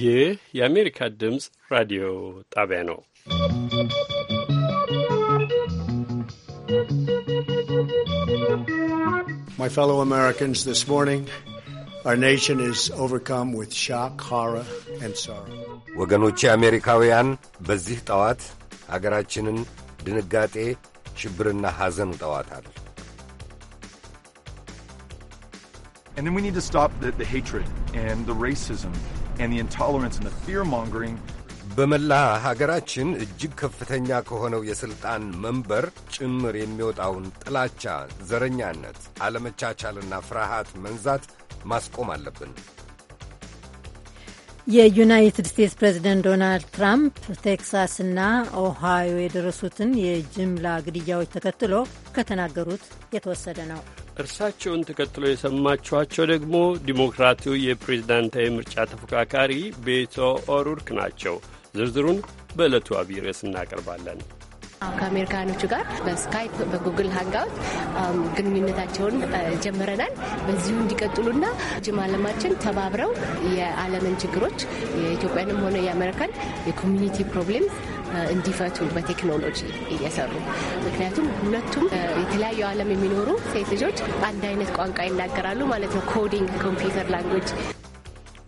ይህ የአሜሪካ ድምፅ ራዲዮ ጣቢያ ነው። My fellow Americans, this morning our nation is overcome with shock, horror and sorrow. ወገኖቼ አሜሪካውያን በዚህ ጠዋት አገራችንን ድንጋጤ፣ ሽብርና ሐዘን And then we need to stop the, the hatred and the racism በመላ ሀገራችን እጅግ ከፍተኛ ከሆነው የሥልጣን መንበር ጭምር የሚወጣውን ጥላቻ፣ ዘረኛነት፣ አለመቻቻልና ፍርሃት መንዛት ማስቆም አለብን። የዩናይትድ ስቴትስ ፕሬዝደንት ዶናልድ ትራምፕ ቴክሳስና ኦሃዮ የደረሱትን የጅምላ ግድያዎች ተከትሎ ከተናገሩት የተወሰደ ነው። እርሳቸውን ተከትሎ የሰማችኋቸው ደግሞ ዲሞክራቱ የፕሬዝዳንታዊ ምርጫ ተፎካካሪ ቤቶ ኦሩርክ ናቸው። ዝርዝሩን በዕለቱ አብይ ርዕስ እናቀርባለን። ከአሜሪካኖቹ ጋር በስካይፕ በጉግል ሀንጋውት ግንኙነታቸውን ጀምረናል። በዚሁ እንዲቀጥሉና ጅም አለማችን ተባብረው የዓለምን ችግሮች የኢትዮጵያንም ሆነ የአሜሪካን የኮሚኒቲ ፕሮብሌም እንዲፈቱ በቴክኖሎጂ እየሰሩ ምክንያቱም ሁለቱም የተለያዩ ዓለም የሚኖሩ ሴት ልጆች አንድ አይነት ቋንቋ ይናገራሉ ማለት ነው። ኮዲንግ ኮምፒውተር ላንጉጅ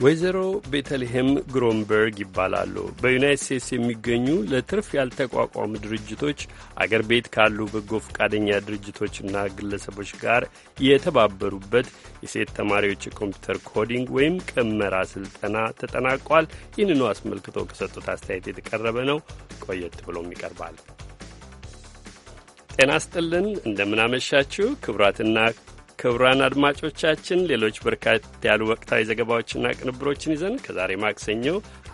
ወይዘሮ ቤተልሔም ግሮንበርግ ይባላሉ። በዩናይት ስቴትስ የሚገኙ ለትርፍ ያልተቋቋሙ ድርጅቶች አገር ቤት ካሉ በጎ ፈቃደኛ ድርጅቶችና ግለሰቦች ጋር የተባበሩበት የሴት ተማሪዎች የኮምፒውተር ኮዲንግ ወይም ቅመራ ስልጠና ተጠናቋል። ይህንኑ አስመልክቶ ከሰጡት አስተያየት የተቀረበ ነው። ቆየት ብሎም ይቀርባል። ጤና ስጥልን እንደምናመሻችሁ ክቡራትና ክቡራን አድማጮቻችን ሌሎች በርካታ ያሉ ወቅታዊ ዘገባዎችና ቅንብሮችን ይዘን ከዛሬ ማክሰኞ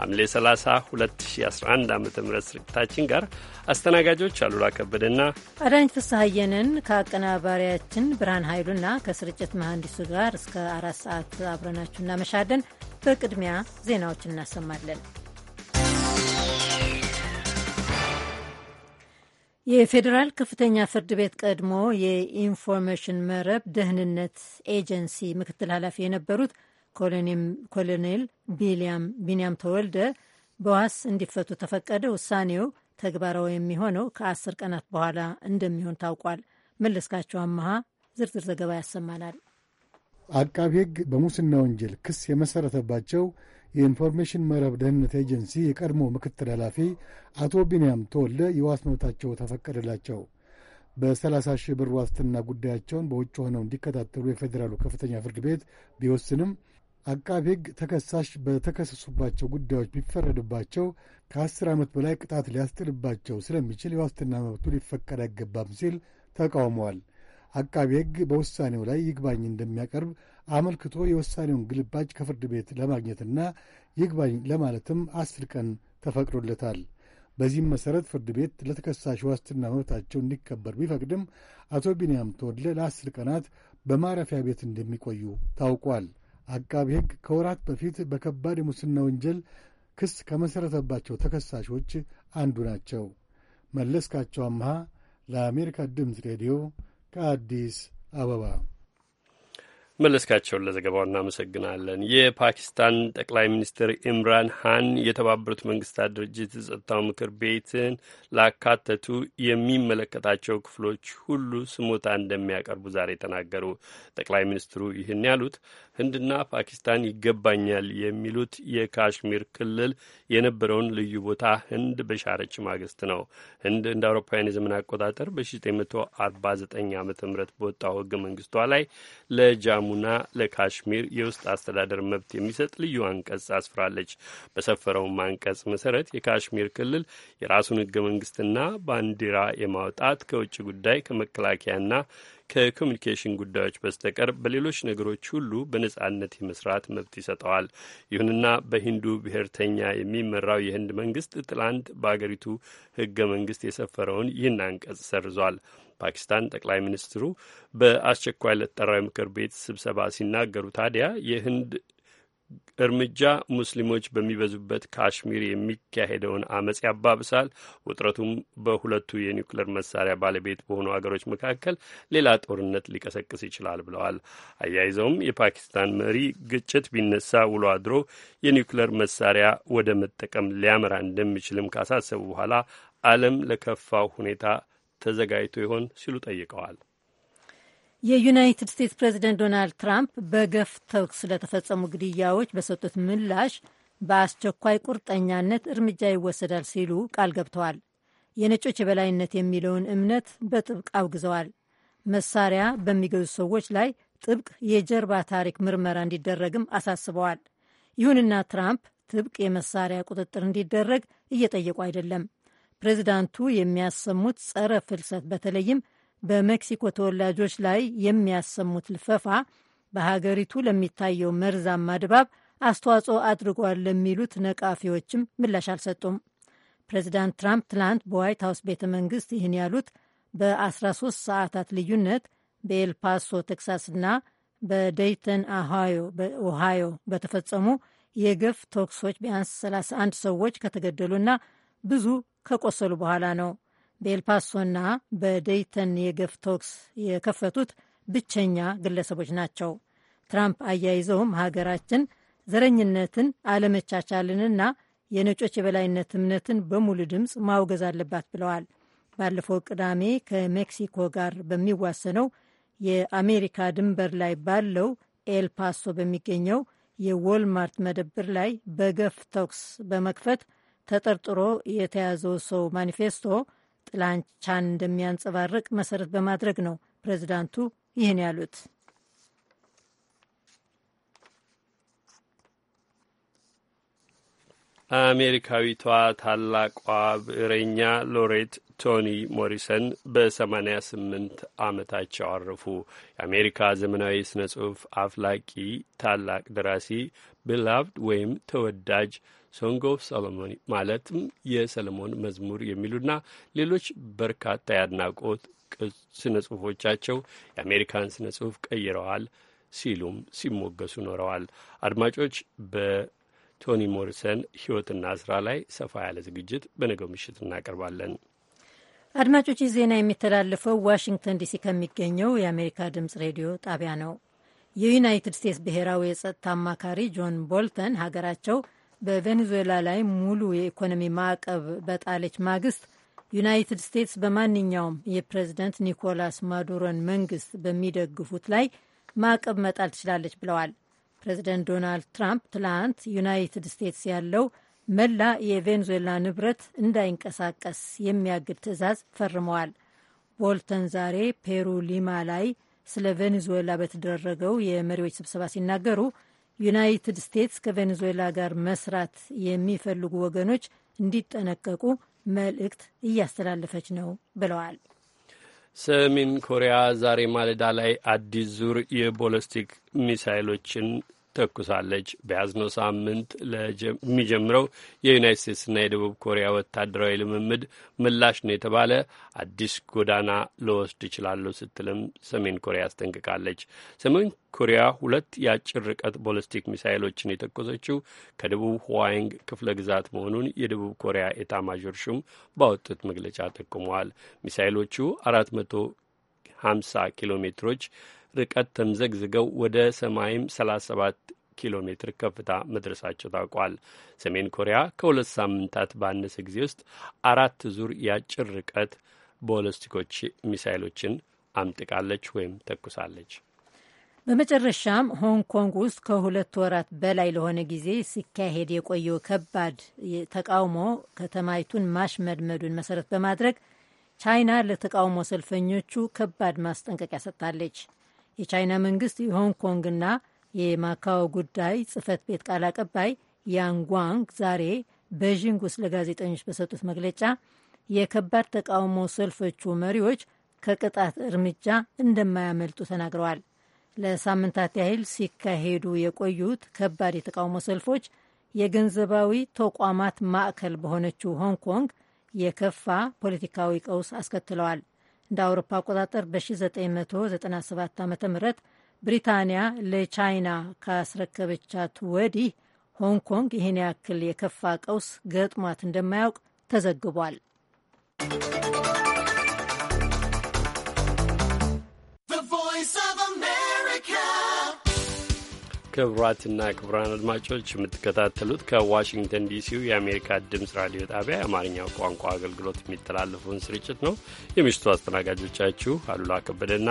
ሐምሌ 30 2011 ዓ ም ስርጭታችን ጋር አስተናጋጆች አሉላ ከበደና አዳኝ ፍስሐየንን ከአቀናባሪያችን ብርሃን ኃይሉና ከስርጭት መሐንዲሱ ጋር እስከ አራት ሰዓት አብረናችሁ እናመሻለን። በቅድሚያ ዜናዎችን እናሰማለን። የፌዴራል ከፍተኛ ፍርድ ቤት ቀድሞ የኢንፎርሜሽን መረብ ደህንነት ኤጀንሲ ምክትል ኃላፊ የነበሩት ኮሎኔል ቢንያም ተወልደ በዋስ እንዲፈቱ ተፈቀደ። ውሳኔው ተግባራዊ የሚሆነው ከአስር ቀናት በኋላ እንደሚሆን ታውቋል። መለስካቸው አመሃ ዝርዝር ዘገባ ያሰማናል። አቃቢ ሕግ በሙስና ወንጀል ክስ የመሰረተባቸው የኢንፎርሜሽን መረብ ደህንነት ኤጀንሲ የቀድሞ ምክትል ኃላፊ አቶ ቢንያም ተወልደ የዋስ መብታቸው ተፈቀደላቸው። በሰላሳ ሺህ ብር ዋስትና ጉዳያቸውን በውጭ ሆነው እንዲከታተሉ የፌዴራሉ ከፍተኛ ፍርድ ቤት ቢወስንም አቃቢ ሕግ ተከሳሽ በተከሰሱባቸው ጉዳዮች ቢፈረድባቸው ከ ከ10 ዓመት በላይ ቅጣት ሊያስጥልባቸው ስለሚችል የዋስትና መብቱ ሊፈቀድ አይገባም ሲል ተቃውመዋል። አቃቢ ሕግ በውሳኔው ላይ ይግባኝ እንደሚያቀርብ አመልክቶ የውሳኔውን ግልባጭ ከፍርድ ቤት ለማግኘትና ይግባኝ ለማለትም አስር ቀን ተፈቅዶለታል። በዚህም መሠረት ፍርድ ቤት ለተከሳሽ ዋስትና መብታቸው እንዲከበር ቢፈቅድም አቶ ቢንያም ተወልደ ለአስር ቀናት በማረፊያ ቤት እንደሚቆዩ ታውቋል። አቃቢ ሕግ ከወራት በፊት በከባድ የሙስና ወንጀል ክስ ከመሠረተባቸው ተከሳሾች አንዱ ናቸው። መለስካቸው አምሃ ለአሜሪካ ድምፅ ሬዲዮ ከአዲስ አበባ መለስካቸውን ለዘገባው እናመሰግናለን። የፓኪስታን ጠቅላይ ሚኒስትር ኢምራን ሃን የተባበሩት መንግስታት ድርጅት የጸጥታው ምክር ቤትን ላካተቱ የሚመለከታቸው ክፍሎች ሁሉ ስሞታ እንደሚያቀርቡ ዛሬ ተናገሩ። ጠቅላይ ሚኒስትሩ ይህን ያሉት ህንድና ፓኪስታን ይገባኛል የሚሉት የካሽሚር ክልል የነበረውን ልዩ ቦታ ህንድ በሻረች ማግስት ነው። ህንድ እንደ አውሮፓውያን የዘመን አቆጣጠር በ1949 ዓ ም በወጣው ህገ መንግስቷ ላይ ለጃሙ ለሰላሙና ለካሽሚር የውስጥ አስተዳደር መብት የሚሰጥ ልዩ አንቀጽ አስፍራለች። በሰፈረውም አንቀጽ መሰረት የካሽሚር ክልል የራሱን ህገ መንግስትና ባንዲራ የማውጣት ከውጭ ጉዳይ ከመከላከያና ከኮሚኒኬሽን ጉዳዮች በስተቀር በሌሎች ነገሮች ሁሉ በነጻነት የመስራት መብት ይሰጠዋል። ይሁንና በሂንዱ ብሔርተኛ የሚመራው የህንድ መንግስት ትላንት በአገሪቱ ህገ መንግስት የሰፈረውን ይህን አንቀጽ ሰርዟል። ፓኪስታን ጠቅላይ ሚኒስትሩ በአስቸኳይ ለተጠራው ምክር ቤት ስብሰባ ሲናገሩ ታዲያ የህንድ እርምጃ ሙስሊሞች በሚበዙበት ካሽሚር የሚካሄደውን አመጽ ያባብሳል፣ ውጥረቱም በሁለቱ የኒውክሌር መሳሪያ ባለቤት በሆኑ አገሮች መካከል ሌላ ጦርነት ሊቀሰቅስ ይችላል ብለዋል። አያይዘውም የፓኪስታን መሪ ግጭት ቢነሳ ውሎ አድሮ የኒውክሌር መሳሪያ ወደ መጠቀም ሊያመራ እንደሚችልም ካሳሰቡ በኋላ ዓለም ለከፋው ሁኔታ ተዘጋጅቶ ይሆን ሲሉ ጠይቀዋል። የዩናይትድ ስቴትስ ፕሬዚደንት ዶናልድ ትራምፕ በገፍ ተኩስ ለተፈጸሙ ግድያዎች በሰጡት ምላሽ በአስቸኳይ ቁርጠኛነት እርምጃ ይወሰዳል ሲሉ ቃል ገብተዋል። የነጮች የበላይነት የሚለውን እምነት በጥብቅ አውግዘዋል። መሳሪያ በሚገዙ ሰዎች ላይ ጥብቅ የጀርባ ታሪክ ምርመራ እንዲደረግም አሳስበዋል። ይሁንና ትራምፕ ጥብቅ የመሳሪያ ቁጥጥር እንዲደረግ እየጠየቁ አይደለም። ፕሬዚዳንቱ የሚያሰሙት ጸረ ፍልሰት በተለይም በሜክሲኮ ተወላጆች ላይ የሚያሰሙት ልፈፋ በሀገሪቱ ለሚታየው መርዛማ ድባብ አስተዋጽኦ አድርጓል ለሚሉት ነቃፊዎችም ምላሽ አልሰጡም። ፕሬዚዳንት ትራምፕ ትላንት በዋይት ሀውስ ቤተ መንግስት ይህን ያሉት በ13 ሰዓታት ልዩነት በኤልፓሶ ቴክሳስና በደይተን ኦሃዮ በተፈጸሙ የገፍ ተኩሶች ቢያንስ 31 ሰዎች ከተገደሉና ብዙ ከቆሰሉ በኋላ ነው። በኤልፓሶና በደይተን የገፍ ተኩስ የከፈቱት ብቸኛ ግለሰቦች ናቸው። ትራምፕ አያይዘውም ሀገራችን ዘረኝነትን፣ አለመቻቻልንና የነጮች የበላይነት እምነትን በሙሉ ድምፅ ማውገዝ አለባት ብለዋል። ባለፈው ቅዳሜ ከሜክሲኮ ጋር በሚዋሰነው የአሜሪካ ድንበር ላይ ባለው ኤልፓሶ በሚገኘው የዎልማርት መደብር ላይ በገፍ ተኩስ በመክፈት ተጠርጥሮ የተያዘው ሰው ማኒፌስቶ ጥላቻን እንደሚያንጸባርቅ መሰረት በማድረግ ነው ፕሬዚዳንቱ ይህን ያሉት። አሜሪካዊቷ ታላቋ ብዕረኛ ሎሬት ቶኒ ሞሪሰን በ88 ዓመታቸው አረፉ። የአሜሪካ ዘመናዊ ስነ ጽሑፍ አፍላቂ ታላቅ ደራሲ ብላቭድ ወይም ተወዳጅ ሶንግ ኦፍ ሰሎሞን ማለትም የሰለሞን መዝሙር የሚሉና ሌሎች በርካታ የአድናቆት ስነ ጽሁፎቻቸው የአሜሪካን ስነ ጽሁፍ ቀይረዋል ሲሉም ሲሞገሱ ኖረዋል። አድማጮች በቶኒ ሞሪሰን ህይወትና ስራ ላይ ሰፋ ያለ ዝግጅት በነገው ምሽት እናቀርባለን። አድማጮች ይህ ዜና የሚተላለፈው ዋሽንግተን ዲሲ ከሚገኘው የአሜሪካ ድምጽ ሬዲዮ ጣቢያ ነው። የዩናይትድ ስቴትስ ብሔራዊ የጸጥታ አማካሪ ጆን ቦልተን ሀገራቸው በቬኔዙዌላ ላይ ሙሉ የኢኮኖሚ ማዕቀብ በጣለች ማግስት ዩናይትድ ስቴትስ በማንኛውም የፕሬዝደንት ኒኮላስ ማዱሮን መንግስት በሚደግፉት ላይ ማዕቀብ መጣል ትችላለች ብለዋል። ፕሬዝደንት ዶናልድ ትራምፕ ትላንት ዩናይትድ ስቴትስ ያለው መላ የቬኔዙዌላ ንብረት እንዳይንቀሳቀስ የሚያግድ ትዕዛዝ ፈርመዋል። ቦልተን ዛሬ ፔሩ ሊማ ላይ ስለ ቬኔዙዌላ በተደረገው የመሪዎች ስብሰባ ሲናገሩ ዩናይትድ ስቴትስ ከቬኔዙዌላ ጋር መስራት የሚፈልጉ ወገኖች እንዲጠነቀቁ መልእክት እያስተላለፈች ነው ብለዋል። ሰሜን ኮሪያ ዛሬ ማለዳ ላይ አዲስ ዙር የቦለስቲክ ሚሳይሎችን ተኩሳለች። በያዝነው ሳምንት የሚጀምረው የዩናይት ስቴትስና የደቡብ ኮሪያ ወታደራዊ ልምምድ ምላሽ ነው የተባለ አዲስ ጎዳና ልወስድ ይችላሉ ስትልም ሰሜን ኮሪያ አስጠንቅቃለች። ሰሜን ኮሪያ ሁለት የአጭር ርቀት ቦለስቲክ ሚሳይሎችን የተኮሰችው ከደቡብ ሆዋይንግ ክፍለ ግዛት መሆኑን የደቡብ ኮሪያ ኤታማዦር ሹም ባወጡት መግለጫ ጠቁመዋል። ሚሳይሎቹ አራት መቶ ሀምሳ ኪሎ ሜትሮች ርቀት ተምዘግዝገው ወደ ሰማይም 37 ኪሎ ሜትር ከፍታ መድረሳቸው ታውቋል። ሰሜን ኮሪያ ከሁለት ሳምንታት ባነሰ ጊዜ ውስጥ አራት ዙር የአጭር ርቀት ቦለስቲኮች ሚሳይሎችን አምጥቃለች ወይም ተኩሳለች። በመጨረሻም ሆንግ ኮንግ ውስጥ ከሁለት ወራት በላይ ለሆነ ጊዜ ሲካሄድ የቆየው ከባድ ተቃውሞ ከተማይቱን ማሽመድመዱን መሰረት በማድረግ ቻይና ለተቃውሞ ሰልፈኞቹ ከባድ ማስጠንቀቂያ ሰጥታለች። የቻይና መንግስት የሆንግ ኮንግና የማካዎ ጉዳይ ጽህፈት ቤት ቃል አቀባይ ያንጓንግ ዛሬ በዥንግ ውስጥ ለጋዜጠኞች በሰጡት መግለጫ የከባድ ተቃውሞ ሰልፎቹ መሪዎች ከቅጣት እርምጃ እንደማያመልጡ ተናግረዋል። ለሳምንታት ያህል ሲካሄዱ የቆዩት ከባድ የተቃውሞ ሰልፎች የገንዘባዊ ተቋማት ማዕከል በሆነችው ሆንግ ኮንግ የከፋ ፖለቲካዊ ቀውስ አስከትለዋል። እንደ አውሮፓ አቆጣጠር በ1997 ዓ ም ብሪታንያ ለቻይና ካስረከበቻት ወዲህ ሆንግ ኮንግ ይህን ያክል የከፋ ቀውስ ገጥሟት እንደማያውቅ ተዘግቧል። ክቡራትና ክቡራን አድማጮች የምትከታተሉት ከዋሽንግተን ዲሲው የአሜሪካ ድምፅ ራዲዮ ጣቢያ የአማርኛ ቋንቋ አገልግሎት የሚተላለፈውን ስርጭት ነው። የምሽቱ አስተናጋጆቻችሁ አሉላ ከበደና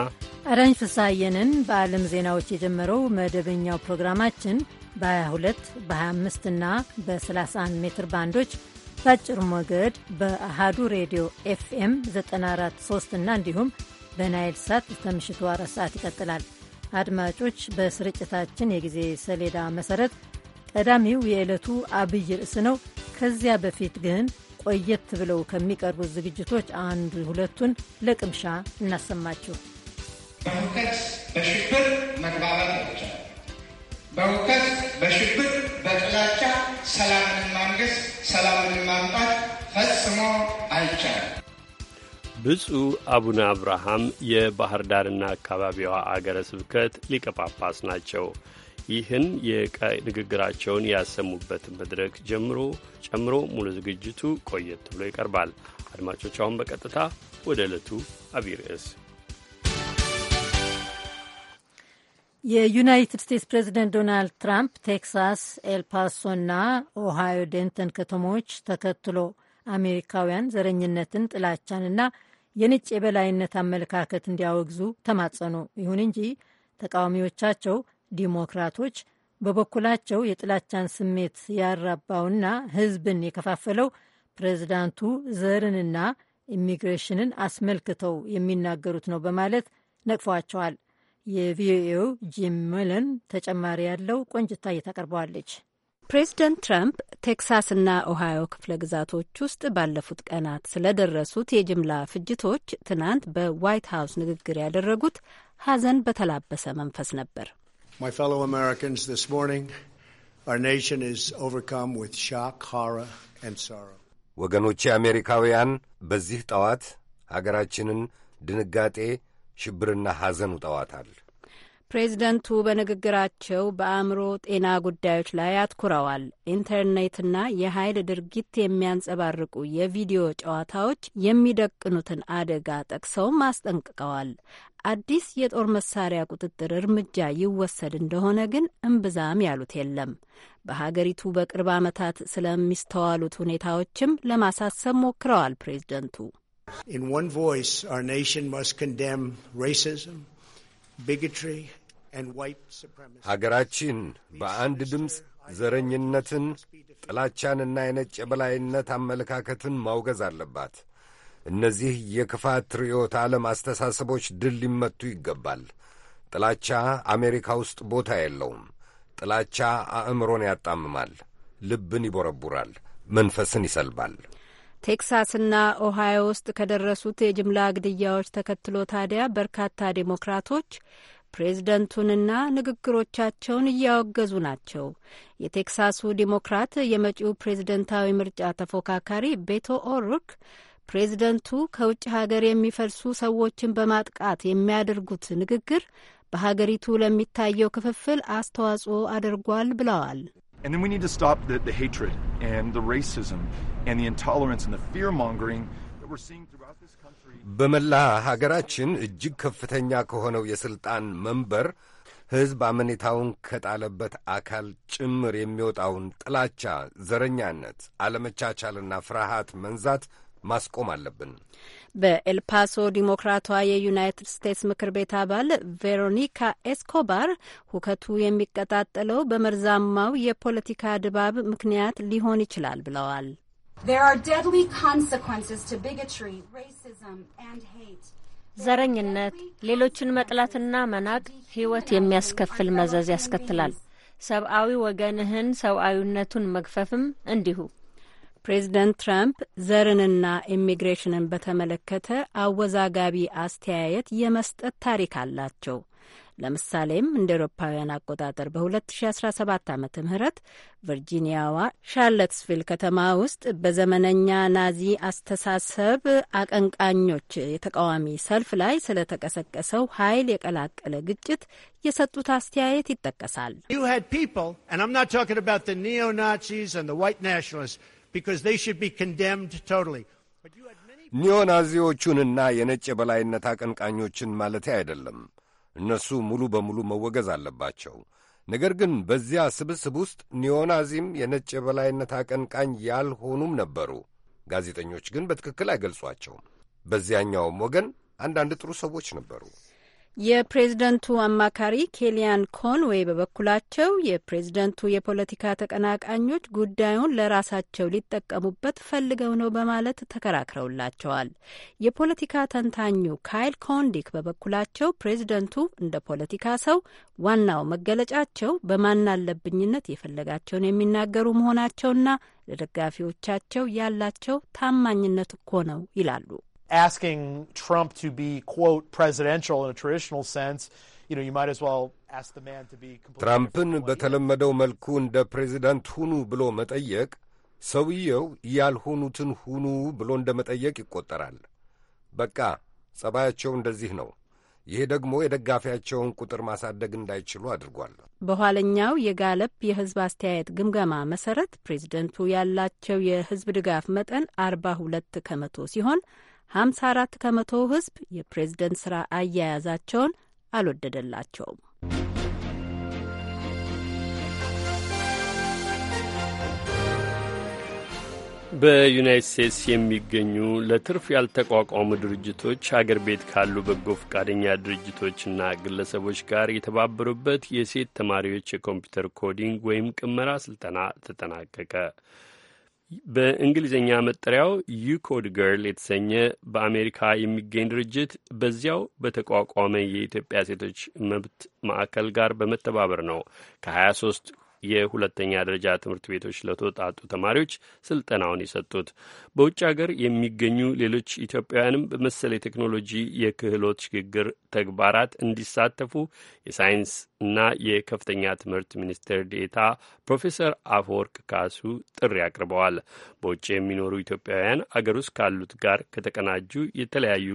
አዳኝ ፍሳየንን በዓለም ዜናዎች የጀመረው መደበኛው ፕሮግራማችን በ22 በ25 እና በ31 ሜትር ባንዶች በአጭር ሞገድ በአሃዱ ሬዲዮ ኤፍኤም 943 እና እንዲሁም በናይል ሳት እስከ ምሽቱ አራት ሰዓት ይቀጥላል። አድማጮች በስርጭታችን የጊዜ ሰሌዳ መሰረት ቀዳሚው የዕለቱ አብይ ርዕስ ነው። ከዚያ በፊት ግን ቆየት ብለው ከሚቀርቡት ዝግጅቶች አንዱ ሁለቱን ለቅምሻ እናሰማችሁ። በሁከት በሽብር መግባባት አይቻልም። በሁከት በሽብር በጥላቻ ሰላምን ማንገስ ሰላምን ማምጣት ፈጽሞ አይቻልም። ብፁዕ አቡነ አብርሃም የባህር ዳርና አካባቢዋ አገረ ስብከት ሊቀ ጳጳስ ናቸው። ይህን ንግግራቸውን ያሰሙበትን መድረክ ጀምሮ ጨምሮ ሙሉ ዝግጅቱ ቆየት ብሎ ይቀርባል። አድማጮች አሁን በቀጥታ ወደ ዕለቱ አብይ ርዕስ የዩናይትድ ስቴትስ ፕሬዚደንት ዶናልድ ትራምፕ ቴክሳስ፣ ኤልፓሶና ኦሃዮ ዴንተን ከተሞች ተከትሎ አሜሪካውያን ዘረኝነትን፣ ጥላቻንና የነጭ የበላይነት አመለካከት እንዲያወግዙ ተማጸኑ። ይሁን እንጂ ተቃዋሚዎቻቸው ዲሞክራቶች በበኩላቸው የጥላቻን ስሜት ያራባውና ሕዝብን የከፋፈለው ፕሬዚዳንቱ ዘርንና ኢሚግሬሽንን አስመልክተው የሚናገሩት ነው በማለት ነቅፈዋቸዋል። የቪኦኤው ጂም መለን ተጨማሪ ያለው ቆንጅታ እየታቀርበዋለች። ፕሬዝደንት ትራምፕ ቴክሳስና ኦሃዮ ክፍለ ግዛቶች ውስጥ ባለፉት ቀናት ስለደረሱት የጅምላ ፍጅቶች ትናንት በዋይት ሀውስ ንግግር ያደረጉት ሐዘን በተላበሰ መንፈስ ነበር። ወገኖቼ አሜሪካውያን፣ በዚህ ጠዋት ሀገራችንን ድንጋጤ፣ ሽብርና ሐዘን ውጠዋታል። ፕሬዚደንቱ በንግግራቸው በአእምሮ ጤና ጉዳዮች ላይ አትኩረዋል። ኢንተርኔትና የኃይል ድርጊት የሚያንጸባርቁ የቪዲዮ ጨዋታዎች የሚደቅኑትን አደጋ ጠቅሰውም አስጠንቅቀዋል። አዲስ የጦር መሳሪያ ቁጥጥር እርምጃ ይወሰድ እንደሆነ ግን እምብዛም ያሉት የለም። በሀገሪቱ በቅርብ ዓመታት ስለሚስተዋሉት ሁኔታዎችም ለማሳሰብ ሞክረዋል። ፕሬዚደንቱ ኢን one ቮይስ our ኔሽን must condemn ሬሲዝም bigotry, ሀገራችን በአንድ ድምፅ ዘረኝነትን፣ ጥላቻንና የነጭ የበላይነት አመለካከትን ማውገዝ አለባት። እነዚህ የክፋት ርዕዮተ ዓለም አስተሳሰቦች ድል ሊመቱ ይገባል። ጥላቻ አሜሪካ ውስጥ ቦታ የለውም። ጥላቻ አእምሮን ያጣምማል፣ ልብን ይቦረቡራል፣ መንፈስን ይሰልባል። ቴክሳስና ኦሃዮ ውስጥ ከደረሱት የጅምላ ግድያዎች ተከትሎ ታዲያ በርካታ ዴሞክራቶች ፕሬዝደንቱንና ንግግሮቻቸውን እያወገዙ ናቸው። የቴክሳሱ ዲሞክራት የመጪው ፕሬዝደንታዊ ምርጫ ተፎካካሪ ቤቶ ኦሩክ ፕሬዝደንቱ ከውጭ ሀገር የሚፈልሱ ሰዎችን በማጥቃት የሚያደርጉት ንግግር በሀገሪቱ ለሚታየው ክፍፍል አስተዋጽኦ አድርጓል ብለዋል። በመላ ሀገራችን እጅግ ከፍተኛ ከሆነው የሥልጣን መንበር ሕዝብ አመኔታውን ከጣለበት አካል ጭምር የሚወጣውን ጥላቻ፣ ዘረኛነት፣ አለመቻቻልና ፍርሃት መንዛት ማስቆም አለብን። በኤልፓሶ ዲሞክራቷ የዩናይትድ ስቴትስ ምክር ቤት አባል ቬሮኒካ ኤስኮባር ሁከቱ የሚቀጣጠለው በመርዛማው የፖለቲካ ድባብ ምክንያት ሊሆን ይችላል ብለዋል። ዘረኝነት፣ ሌሎችን መጥላትና መናቅ ሕይወት የሚያስከፍል መዘዝ ያስከትላል። ሰብአዊ ወገንህን ሰብአዊነቱን መግፈፍም እንዲሁ። ፕሬዚደንት ትራምፕ ዘርንና ኢሚግሬሽንን በተመለከተ አወዛጋቢ አስተያየት የመስጠት ታሪክ አላቸው። ለምሳሌም እንደ ኤሮፓውያን አቆጣጠር በ2017 ዓ ም ቨርጂኒያዋ ሻርለትስቪል ከተማ ውስጥ በዘመነኛ ናዚ አስተሳሰብ አቀንቃኞች የተቃዋሚ ሰልፍ ላይ ስለተቀሰቀሰው ኃይል የቀላቀለ ግጭት የሰጡት አስተያየት ይጠቀሳል። ኒዮናዚዎቹንና የነጭ የበላይነት አቀንቃኞችን ማለቴ አይደለም። እነሱ ሙሉ በሙሉ መወገዝ አለባቸው። ነገር ግን በዚያ ስብስብ ውስጥ ኒዮናዚም የነጭ የበላይነት አቀንቃኝ ያልሆኑም ነበሩ። ጋዜጠኞች ግን በትክክል አይገልጿቸውም። በዚያኛውም ወገን አንዳንድ ጥሩ ሰዎች ነበሩ። የፕሬዝደንቱ አማካሪ ኬሊያን ኮንዌይ በበኩላቸው የፕሬዝደንቱ የፖለቲካ ተቀናቃኞች ጉዳዩን ለራሳቸው ሊጠቀሙበት ፈልገው ነው በማለት ተከራክረውላቸዋል። የፖለቲካ ተንታኙ ካይል ኮንዲክ በበኩላቸው ፕሬዝደንቱ እንደ ፖለቲካ ሰው ዋናው መገለጫቸው በማናለብኝነት የፈለጋቸውን የሚናገሩ መሆናቸውና ለደጋፊዎቻቸው ያላቸው ታማኝነት እኮ ነው ይላሉ። asking Trump to be, quote, presidential in a traditional sense, you know, you might as well ask the man to be ትራምፕን በተለመደው መልኩ እንደ ፕሬዚዳንት ሁኑ ብሎ መጠየቅ ሰውየው ያልሆኑትን ሁኑ ብሎ እንደ መጠየቅ ይቆጠራል። በቃ ጸባያቸው እንደዚህ ነው። ይሄ ደግሞ የደጋፊያቸውን ቁጥር ማሳደግ እንዳይችሉ አድርጓል። በኋለኛው የጋለፕ የህዝብ አስተያየት ግምገማ መሰረት ፕሬዝደንቱ ያላቸው የህዝብ ድጋፍ መጠን አርባ ሁለት ከመቶ ሲሆን 54 ከመቶ ህዝብ የፕሬዝደንት ስራ አያያዛቸውን አልወደደላቸውም። በዩናይት ስቴትስ የሚገኙ ለትርፍ ያልተቋቋሙ ድርጅቶች አገር ቤት ካሉ በጎ ፈቃደኛ ድርጅቶችና ግለሰቦች ጋር የተባበሩበት የሴት ተማሪዎች የኮምፒውተር ኮዲንግ ወይም ቅመራ ስልጠና ተጠናቀቀ። በእንግሊዝኛ መጠሪያው ዩኮድ ገርል የተሰኘ በአሜሪካ የሚገኝ ድርጅት በዚያው በተቋቋመ የኢትዮጵያ ሴቶች መብት ማዕከል ጋር በመተባበር ነው ከ23 የሁለተኛ ደረጃ ትምህርት ቤቶች ለተወጣጡ ተማሪዎች ስልጠናውን የሰጡት በውጭ ሀገር የሚገኙ ሌሎች ኢትዮጵያውያንም በመሰል የቴክኖሎጂ የክህሎት ሽግግር ተግባራት እንዲሳተፉ የሳይንስ እና የከፍተኛ ትምህርት ሚኒስቴር ዴታ ፕሮፌሰር አፈወርቅ ካሱ ጥሪ አቅርበዋል። በውጭ የሚኖሩ ኢትዮጵያውያን አገር ውስጥ ካሉት ጋር ከተቀናጁ የተለያዩ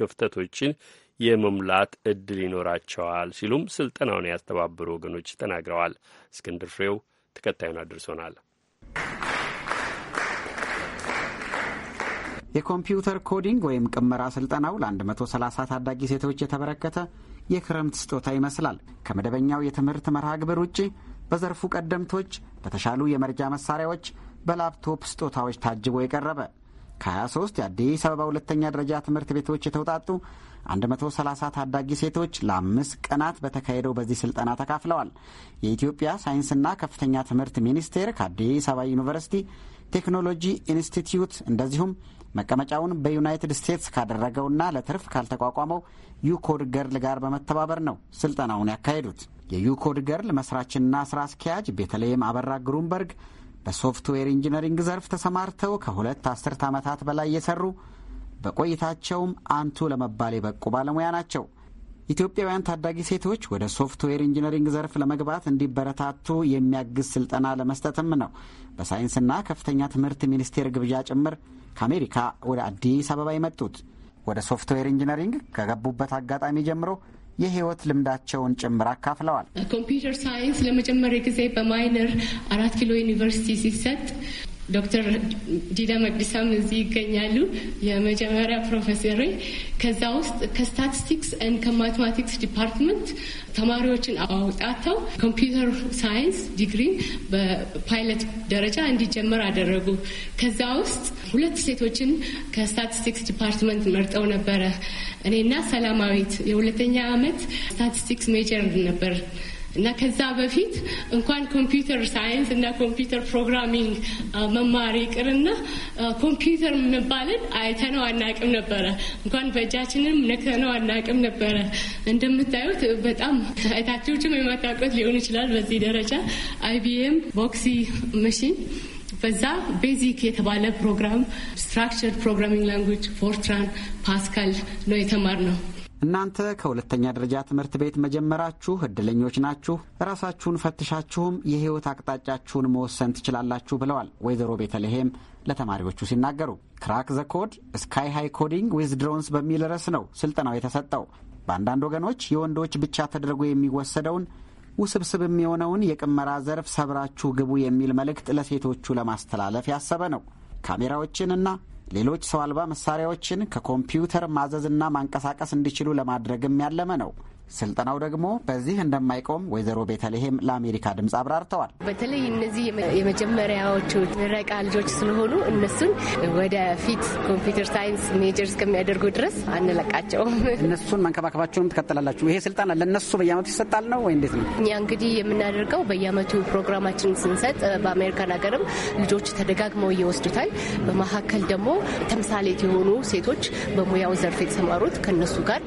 ክፍተቶችን የመሙላት እድል ይኖራቸዋል ሲሉም ስልጠናውን ያስተባበሩ ወገኖች ተናግረዋል። እስክንድር ፍሬው ተከታዩን አድርሶናል። የኮምፒውተር ኮዲንግ ወይም ቅመራ ስልጠናው ለ130 ታዳጊ ሴቶች የተበረከተ የክረምት ስጦታ ይመስላል። ከመደበኛው የትምህርት መርሃ ግብር ውጪ በዘርፉ ቀደምቶች በተሻሉ የመርጃ መሳሪያዎች በላፕቶፕ ስጦታዎች ታጅቦ የቀረበ ከ23 የአዲስ አበባ ሁለተኛ ደረጃ ትምህርት ቤቶች የተውጣጡ 130 ታዳጊ ሴቶች ለአምስት ቀናት በተካሄደው በዚህ ስልጠና ተካፍለዋል። የኢትዮጵያ ሳይንስና ከፍተኛ ትምህርት ሚኒስቴር ከአዲስ አበባ ዩኒቨርሲቲ ቴክኖሎጂ ኢንስቲትዩት እንደዚሁም መቀመጫውን በዩናይትድ ስቴትስ ካደረገውና ለትርፍ ካልተቋቋመው ዩኮድ ገርል ጋር በመተባበር ነው ስልጠናውን ያካሄዱት። የዩኮድ ገርል መስራችና ስራ አስኪያጅ ቤተልሔም አበራ ግሩምበርግ በሶፍትዌር ኢንጂነሪንግ ዘርፍ ተሰማርተው ከሁለት አስርት ዓመታት በላይ የሰሩ በቆይታቸውም አንቱ ለመባል የበቁ ባለሙያ ናቸው። ኢትዮጵያውያን ታዳጊ ሴቶች ወደ ሶፍትዌር ኢንጂነሪንግ ዘርፍ ለመግባት እንዲበረታቱ የሚያግዝ ስልጠና ለመስጠትም ነው በሳይንስና ከፍተኛ ትምህርት ሚኒስቴር ግብዣ ጭምር ከአሜሪካ ወደ አዲስ አበባ የመጡት። ወደ ሶፍትዌር ኢንጂነሪንግ ከገቡበት አጋጣሚ ጀምሮ የህይወት ልምዳቸውን ጭምር አካፍለዋል። ኮምፒውተር ሳይንስ ለመጀመሪያ ጊዜ በማይነር አራት ኪሎ ዩኒቨርሲቲ ሲሰጥ ዶክተር ዲዳ መቅዲሳም እዚህ ይገኛሉ። የመጀመሪያ ፕሮፌሰር ከዛ ውስጥ ከስታቲስቲክስ ን ከማቴማቲክስ ዲፓርትመንት ተማሪዎችን አውጣተው ኮምፒውተር ሳይንስ ዲግሪ በፓይለት ደረጃ እንዲጀመር አደረጉ። ከዛ ውስጥ ሁለት ሴቶችን ከስታቲስቲክስ ዲፓርትመንት መርጠው ነበረ። እኔና ሰላማዊት የሁለተኛ ዓመት ስታቲስቲክስ ሜጀር ነበር። እና ከዛ በፊት እንኳን ኮምፒውተር ሳይንስ እና ኮምፒውተር ፕሮግራሚንግ መማር ይቅርና ኮምፒውተር መባልን አይተነው አናቅም ነበረ። እንኳን በእጃችንም ነክተነው አናቅም ነበረ። እንደምታዩት በጣም አይታችሁችም የማታውቁት ሊሆን ይችላል። በዚህ ደረጃ አይቢኤም ቦክሲ መሽን በዛ ቤዚክ የተባለ ፕሮግራም ስትራክቸር ፕሮግራሚንግ ላንጉጅ ፎርትራን ፓስካል ነው የተማር ነው። እናንተ ከሁለተኛ ደረጃ ትምህርት ቤት መጀመራችሁ እድለኞች ናችሁ። ራሳችሁን ፈትሻችሁም የህይወት አቅጣጫችሁን መወሰን ትችላላችሁ ብለዋል ወይዘሮ ቤተልሔም ለተማሪዎቹ ሲናገሩ። ክራክ ዘ ኮድ ስካይ ሃይ ኮዲንግ ዊዝ ድሮንስ በሚል ርዕስ ነው ስልጠናው የተሰጠው። በአንዳንድ ወገኖች የወንዶች ብቻ ተደርጎ የሚወሰደውን ውስብስብ የሆነውን የቅመራ ዘርፍ ሰብራችሁ ግቡ የሚል መልእክት ለሴቶቹ ለማስተላለፍ ያሰበ ነው። ካሜራዎችንና ሌሎች ሰው አልባ መሳሪያዎችን ከኮምፒውተር ማዘዝና ማንቀሳቀስ እንዲችሉ ለማድረግም ያለመ ነው። ስልጠናው ደግሞ በዚህ እንደማይቆም ወይዘሮ ቤተልሔም ለአሜሪካ ድምፅ አብራርተዋል። በተለይ እነዚህ የመጀመሪያዎቹ ምረቃ ልጆች ስለሆኑ እነሱን ወደፊት ኮምፒውተር ሳይንስ ሜጀር እስከሚያደርጉ ድረስ አንለቃቸውም። እነሱን መንከባከባቸውን ትቀጥላላችሁ። ይሄ ስልጠና ለእነሱ በየአመቱ ይሰጣል ነው ወይ እንዴት ነው? እኛ እንግዲህ የምናደርገው በየአመቱ ፕሮግራማችን ስንሰጥ በአሜሪካን ሀገርም ልጆች ተደጋግመው ይወስዱታል። በመካከል ደግሞ ተምሳሌት የሆኑ ሴቶች በሙያው ዘርፍ የተሰማሩት ከነሱ ጋር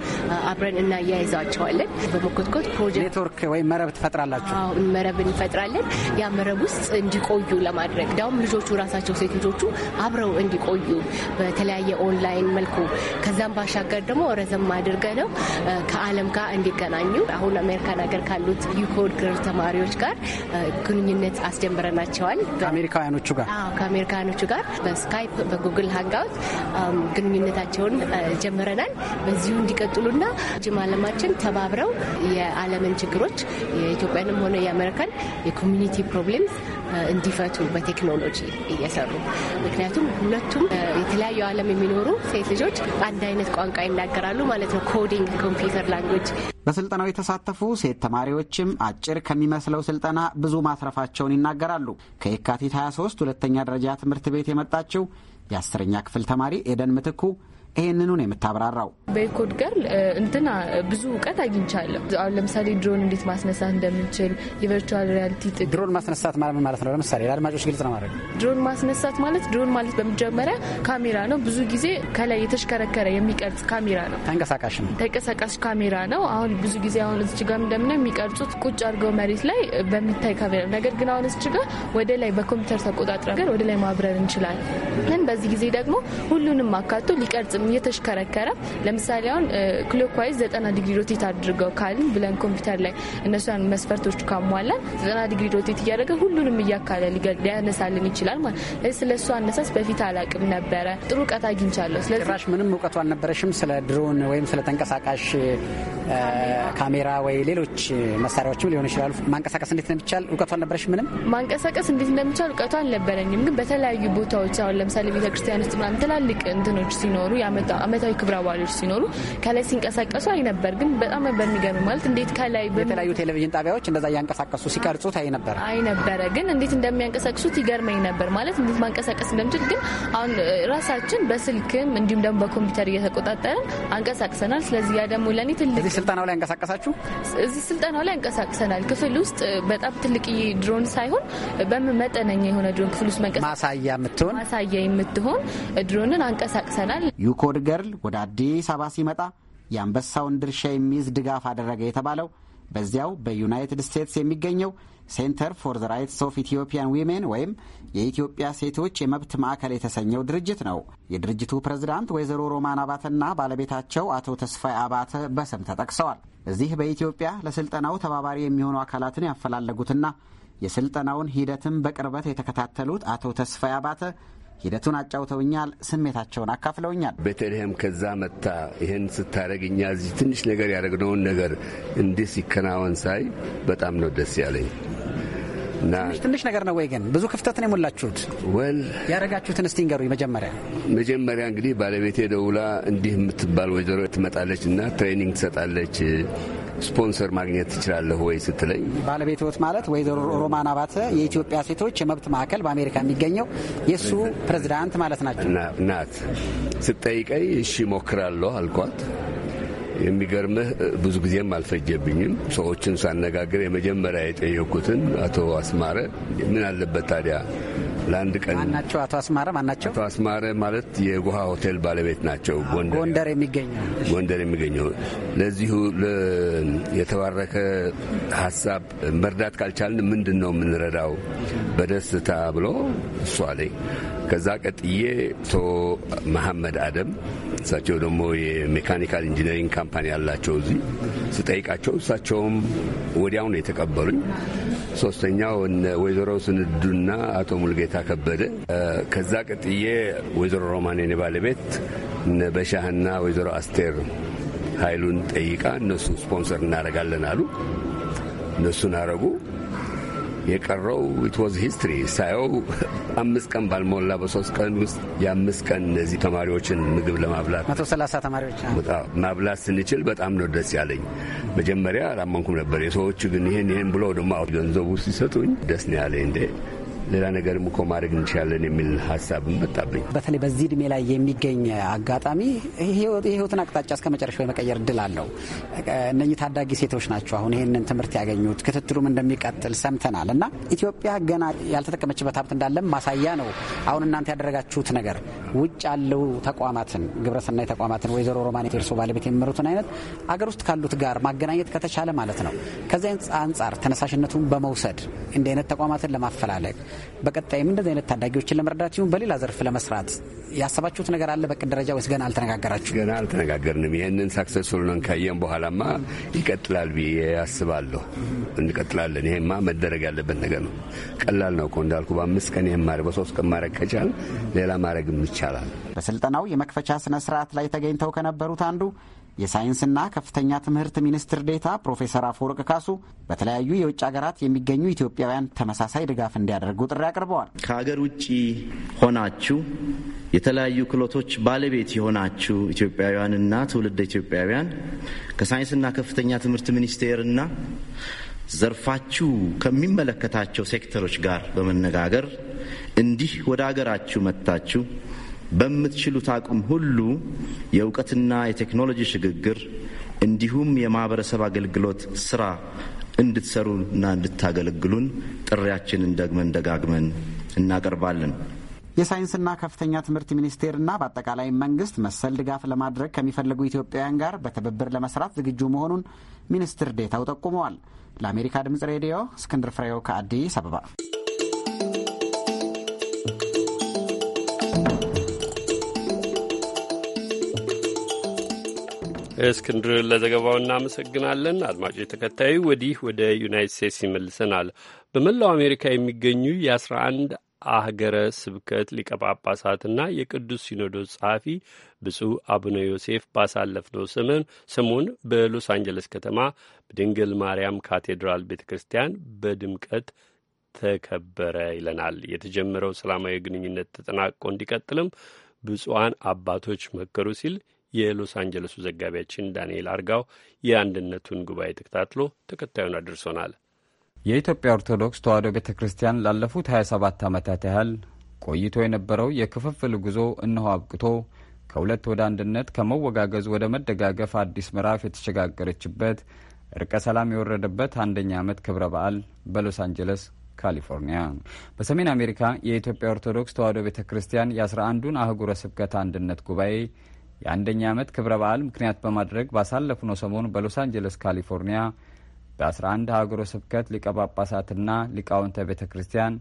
አብረን እናያይዛቸዋል እንሰራለን። በመኮትኮት ፕሮጀክት ኔትወርክ ወይም መረብ ትፈጥራላችሁ? መረብ እንፈጥራለን። ያ መረብ ውስጥ እንዲቆዩ ለማድረግ ዳውም ልጆቹ ራሳቸው ሴት ልጆቹ አብረው እንዲቆዩ በተለያየ ኦንላይን መልኩ ከዛም ባሻገር ደግሞ ረዘም አድርገ ነው ከዓለም ጋር እንዲገናኙ አሁን አሜሪካን ሀገር ካሉት ዩኮድ ግር ተማሪዎች ጋር ግንኙነት አስጀምረናቸዋል። ከአሜሪካውያኖቹ ጋር ከአሜሪካውያኖቹ ጋር በስካይፕ በጉግል ሀንጋውት ግንኙነታቸውን ጀምረናል። በዚሁ እንዲቀጥሉና ጅም አለማችን ተባ ተባብረው የዓለምን ችግሮች የኢትዮጵያንም ሆነ የአሜሪካን የኮሚኒቲ ፕሮብሌምስ እንዲፈቱ በቴክኖሎጂ እየሰሩ ምክንያቱም ሁለቱም የተለያዩ ዓለም የሚኖሩ ሴት ልጆች አንድ አይነት ቋንቋ ይናገራሉ ማለት ነው። ኮዲንግ ኮምፒውተር ላንጉጅ። በስልጠናው የተሳተፉ ሴት ተማሪዎችም አጭር ከሚመስለው ስልጠና ብዙ ማስረፋቸውን ይናገራሉ። ከየካቲት 23 ሁለተኛ ደረጃ ትምህርት ቤት የመጣችው የአስረኛ ክፍል ተማሪ ኤደን ምትኩ ይህንኑን የምታብራራው በኮድ ገርል እንትና ብዙ እውቀት አግኝቻለሁ። አሁን ለምሳሌ ድሮን እንዴት ማስነሳት እንደምንችል የቨርቹዋል ሪያሊቲ ጥቅም ድሮን ማስነሳት ማለት ማለት ነው። ለምሳሌ ለአድማጮች ግልጽ ነው ማድረግ ድሮን ማስነሳት ማለት ድሮን ማለት በመጀመሪያ ካሜራ ነው። ብዙ ጊዜ ከላይ የተሽከረከረ የሚቀርጽ ካሜራ ነው። ተንቀሳቃሽ ነው። ተንቀሳቃሽ ካሜራ ነው። አሁን ብዙ ጊዜ አሁን እዚች ጋር የሚቀርጹት ቁጭ አድርገው መሬት ላይ በሚታይ ካሜራ ነገር ግን አሁን እዚች ጋር ወደ ላይ በኮምፒውተር ተቆጣጥረን ወደ ላይ ማብረር እንችላለን። በዚህ ጊዜ ደግሞ ሁሉንም አካቶ ሊቀርጽ እየተሽከረከረ ለምሳሌ አሁን ክሎክዋይዝ ዘጠና ዲግሪ ሮቴት አድርገው ካልን ብለን ኮምፒውተር ላይ እነሱን መስፈርቶች ካሟላን ዘጠና ዲግሪ ሮቴት እያደረገ ሁሉንም እያካለ ሊያነሳልን ይችላል ማለት ስለ እሱ አነሳስ በፊት አላቅም ነበረ። ጥሩ እውቀት አግኝቻለሁ። ጭራሽ ምንም እውቀቱ አልነበረሽም ስለ ድሮን ወይም ስለ ተንቀሳቃሽ ካሜራ ወይ ሌሎች መሳሪያዎችም ሊሆን ይችላሉ። ማንቀሳቀስ እንዴት እንደሚቻል እውቀቱ አልነበረሽ? ምንም ማንቀሳቀስ እንዴት እንደሚቻል እውቀቱ አልነበረኝም። ግን በተለያዩ ቦታዎች አሁን ለምሳሌ ቤተክርስቲያን ውስጥ ምናምን ትላልቅ እንትኖች ሲኖሩ ያ አመታዊ ክብረ በዓሎች ሲኖሩ ከላይ ሲንቀሳቀሱ አይ ነበር። ግን በጣም ነበር የሚገርም ማለት እንዴት ከላይ የተለያዩ ቴሌቪዥን ጣቢያዎች እንደዛ እያንቀሳቀሱ ሲቀርጹት አይ ነበር አይ ነበረ። ግን እንዴት እንደሚያንቀሳቅሱት ይገርመኝ ነበር ማለት እንዴት ማንቀሳቀስ እንደምችል ግን አሁን ራሳችን በስልክም እንዲሁም ደግሞ በኮምፒውተር እየተቆጣጠርን አንቀሳቅሰናል። ስለዚህ ያ ደግሞ ለእኔ ትልቅ እዚህ ስልጠናው ላይ አንቀሳቀሳችሁ እዚህ ስልጠናው ላይ አንቀሳቅሰናል። ክፍል ውስጥ በጣም ትልቅዬ ድሮን ሳይሆን በመጠነኛ የሆነ ድሮን ክፍል ውስጥ ማሳያ የምትሆን ማሳያ የምትሆን ድሮንን አንቀሳቅሰናል። ኮድ ገርል ወደ አዲስ አበባ ሲመጣ የአንበሳውን ድርሻ የሚይዝ ድጋፍ አደረገ የተባለው በዚያው በዩናይትድ ስቴትስ የሚገኘው ሴንተር ፎር ዘ ራይትስ ኦፍ ኢትዮጵያን ዊሜን ወይም የኢትዮጵያ ሴቶች የመብት ማዕከል የተሰኘው ድርጅት ነው። የድርጅቱ ፕሬዝዳንት ወይዘሮ ሮማን አባተና ባለቤታቸው አቶ ተስፋይ አባተ በስም ተጠቅሰዋል። እዚህ በኢትዮጵያ ለስልጠናው ተባባሪ የሚሆኑ አካላትን ያፈላለጉትና የስልጠናውን ሂደትም በቅርበት የተከታተሉት አቶ ተስፋይ አባተ ሂደቱን አጫውተውኛል። ስሜታቸውን አካፍለውኛል። ቤተልሔም ከዛ መታ ይህን ስታደረግ እኛ እዚህ ትንሽ ነገር ያደረግነውን ነገር እንዲህ ሲከናወን ሳይ በጣም ነው ደስ ያለኝ። ትንሽ ነገር ነው ወይ ግን ብዙ ክፍተት ነው የሞላችሁት። ወል ያደረጋችሁትን እስቲ ንገሩኝ። መጀመሪያ መጀመሪያ እንግዲህ ባለቤቴ ደውላ እንዲህ የምትባል ወይዘሮ ትመጣለች እና ትሬኒንግ ትሰጣለች ስፖንሰር ማግኘት ትችላለሁ ወይ ስትለኝ ባለቤትዎት ማለት ወይዘሮ ሮማን አባተ የኢትዮጵያ ሴቶች የመብት ማዕከል በአሜሪካ የሚገኘው የእሱ ፕሬዚዳንት ማለት ናቸው ናት ስትጠይቀኝ እሺ ሞክራለሁ አልኳት። የሚገርምህ ብዙ ጊዜም አልፈጀብኝም። ሰዎችን ሳነጋግር የመጀመሪያ የጠየኩትን አቶ አስማረ ምን አለበት ታዲያ ለአንድ ቀን አቶ አስማረ አቶ አስማረ ማለት የጉሃ ሆቴል ባለቤት ናቸው። ጎንደር የሚገኘው ጎንደር የሚገኘው ለዚሁ የተባረከ ሀሳብ መርዳት ካልቻልን ምንድን ነው የምንረዳው? በደስታ ብሎ እሷ ላይ ከዛ ቀጥዬ አቶ መሐመድ አደም እሳቸው ደግሞ የሜካኒካል ኢንጂነሪንግ ካምፓኒ ያላቸው እዚህ ስጠይቃቸው እሳቸውም ወዲያው ነው የተቀበሉኝ። ሶስተኛው ወይዘሮ ስንዱና አቶ ሙልጌታ ከበደ። ከዛ ቅጥዬ ወይዘሮ ሮማኔን ባለቤት በሻህና ወይዘሮ አስቴር ኃይሉን ጠይቃ እነሱ ስፖንሰር እናደርጋለን አሉ። እነሱን አረጉ። የቀረው ኢትወዝ ሂስትሪ ሳየው አምስት ቀን ባልሞላ በሶስት ቀን ውስጥ የአምስት ቀን እነዚህ ተማሪዎችን ምግብ ለማብላት መቶ ሰላሳ ተማሪዎች ማብላት ስንችል በጣም ነው ደስ ያለኝ። መጀመሪያ አላመንኩም ነበር። የሰዎቹ ግን ይህን ይህን ብሎ ደሞ ገንዘቡ ሲሰጡኝ ደስ ነው ያለኝ እንዴ ሌላ ነገርም እኮ ማድረግ እንችላለን የሚል ሀሳብ መጣብኝ። በተለይ በዚህ እድሜ ላይ የሚገኝ አጋጣሚ የህይወትን አቅጣጫ እስከ መጨረሻው የመቀየር እድል አለው። እነኚህ ታዳጊ ሴቶች ናቸው አሁን ይህንን ትምህርት ያገኙት፣ ክትትሉም እንደሚቀጥል ሰምተናል እና ኢትዮጵያ ገና ያልተጠቀመችበት ሀብት እንዳለም ማሳያ ነው። አሁን እናንተ ያደረጋችሁት ነገር ውጭ ያለው ተቋማትን ግብረሰናይ ተቋማትን ወይዘሮ ሮማን እርሶ ባለቤት የሚመሩትን አይነት አገር ውስጥ ካሉት ጋር ማገናኘት ከተቻለ ማለት ነው ከዚህ አንጻር ተነሳሽነቱን በመውሰድ እንዲህ አይነት ተቋማትን ለማፈላለግ በቀጣይም እንደዚህ አይነት ታዳጊዎችን ለመርዳት ይሁን በሌላ ዘርፍ ለመስራት ያሰባችሁት ነገር አለ በቅድ ደረጃ ወይስ ገና አልተነጋገራችሁ? ገና አልተነጋገርንም። ይህንን ሳክሰስፉል ነን ካየን በኋላማ ይቀጥላል ብዬ አስባለሁ። እንቀጥላለን። ይሄማ መደረግ ያለበት ነገር ነው። ቀላል ነው እኮ እንዳልኩ፣ በአምስት ቀን ይህም ማድረግ በሶስት ቀን ማድረግ ከቻል ሌላ ማድረግም ይቻላል። በስልጠናው የመክፈቻ ስነ ስርዓት ላይ ተገኝተው ከነበሩት አንዱ የሳይንስና ከፍተኛ ትምህርት ሚኒስትር ዴታ ፕሮፌሰር አፈወርቅ ካሱ በተለያዩ የውጭ ሀገራት የሚገኙ ኢትዮጵያውያን ተመሳሳይ ድጋፍ እንዲያደርጉ ጥሪ አቅርበዋል። ከሀገር ውጭ ሆናችሁ የተለያዩ ክህሎቶች ባለቤት የሆናችሁ ኢትዮጵያውያንና ትውልደ ኢትዮጵያውያን ከሳይንስና ከፍተኛ ትምህርት ሚኒስቴርና ዘርፋችሁ ከሚመለከታቸው ሴክተሮች ጋር በመነጋገር እንዲህ ወደ ሀገራችሁ መጥታችሁ በምትችሉት አቅም ሁሉ የእውቀትና የቴክኖሎጂ ሽግግር እንዲሁም የማህበረሰብ አገልግሎት ስራ እንድትሰሩና እንድታገለግሉን ጥሪያችንን ደግመን ደጋግመን እናቀርባለን። የሳይንስና ከፍተኛ ትምህርት ሚኒስቴርና በአጠቃላይ መንግስት መሰል ድጋፍ ለማድረግ ከሚፈልጉ ኢትዮጵያውያን ጋር በትብብር ለመስራት ዝግጁ መሆኑን ሚኒስትር ዴታው ጠቁመዋል። ለአሜሪካ ድምጽ ሬዲዮ እስክንድር ፍሬው ከአዲስ አበባ እስክንድር ለዘገባው እናመሰግናለን። አድማጮች፣ ተከታዩ ወዲህ ወደ ዩናይት ስቴትስ ይመልሰናል። በመላው አሜሪካ የሚገኙ የ11 አህገረ ስብከት ሊቀ ጳጳሳትና የቅዱስ ሲኖዶስ ጸሐፊ ብፁዕ አቡነ ዮሴፍ ባሳለፍነው ሰመን ሰሞን በሎስ አንጀለስ ከተማ በድንግል ማርያም ካቴድራል ቤተ ክርስቲያን በድምቀት ተከበረ ይለናል። የተጀመረው ሰላማዊ ግንኙነት ተጠናቆ እንዲቀጥልም ብፁዓን አባቶች መከሩ ሲል የሎስ አንጀለሱ ዘጋቢያችን ዳንኤል አርጋው የአንድነቱን ጉባኤ ተከታትሎ ተከታዩን አድርሶናል። የኢትዮጵያ ኦርቶዶክስ ተዋሕዶ ቤተ ክርስቲያን ላለፉት 27 ዓመታት ያህል ቆይቶ የነበረው የክፍፍል ጉዞ እነሆ አብቅቶ ከሁለት ወደ አንድነት ከመወጋገዝ ወደ መደጋገፍ አዲስ ምዕራፍ የተሸጋገረችበት እርቀ ሰላም የወረደበት አንደኛ ዓመት ክብረ በዓል በሎስ አንጀለስ ካሊፎርኒያ በሰሜን አሜሪካ የኢትዮጵያ ኦርቶዶክስ ተዋሕዶ ቤተ ክርስቲያን የአስራ አንዱን አህጉረ ስብከት አንድነት ጉባኤ የአንደኛ ዓመት ክብረ በዓል ምክንያት በማድረግ ባሳለፍነው ሰሞን በሎስ አንጀለስ ካሊፎርኒያ በ11 ሀገረ ስብከት ሊቀ ጳጳሳትና ሊቃውንተ ቤተ ክርስቲያን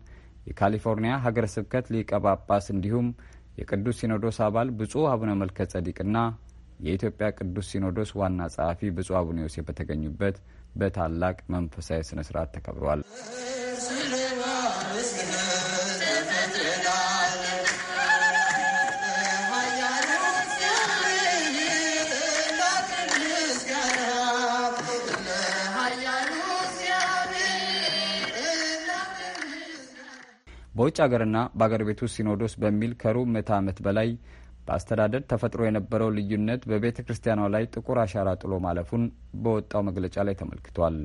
የካሊፎርኒያ ሀገረ ስብከት ሊቀ ጳጳስ እንዲሁም የቅዱስ ሲኖዶስ አባል ብፁዕ አቡነ መልከ ጸዲቅና የኢትዮጵያ ቅዱስ ሲኖዶስ ዋና ጸሐፊ ብፁዕ አቡነ ዮሴፍ በተገኙበት በታላቅ መንፈሳዊ ስነ ስርዓት ተከብረዋል። በውጭ ሀገርና በአገር ቤቱ ሲኖዶስ በሚል ከሩብ ምዕተ ዓመት በላይ በአስተዳደር ተፈጥሮ የነበረው ልዩነት በቤተ ክርስቲያኗ ላይ ጥቁር አሻራ ጥሎ ማለፉን በወጣው መግለጫ ላይ ተመልክቷል።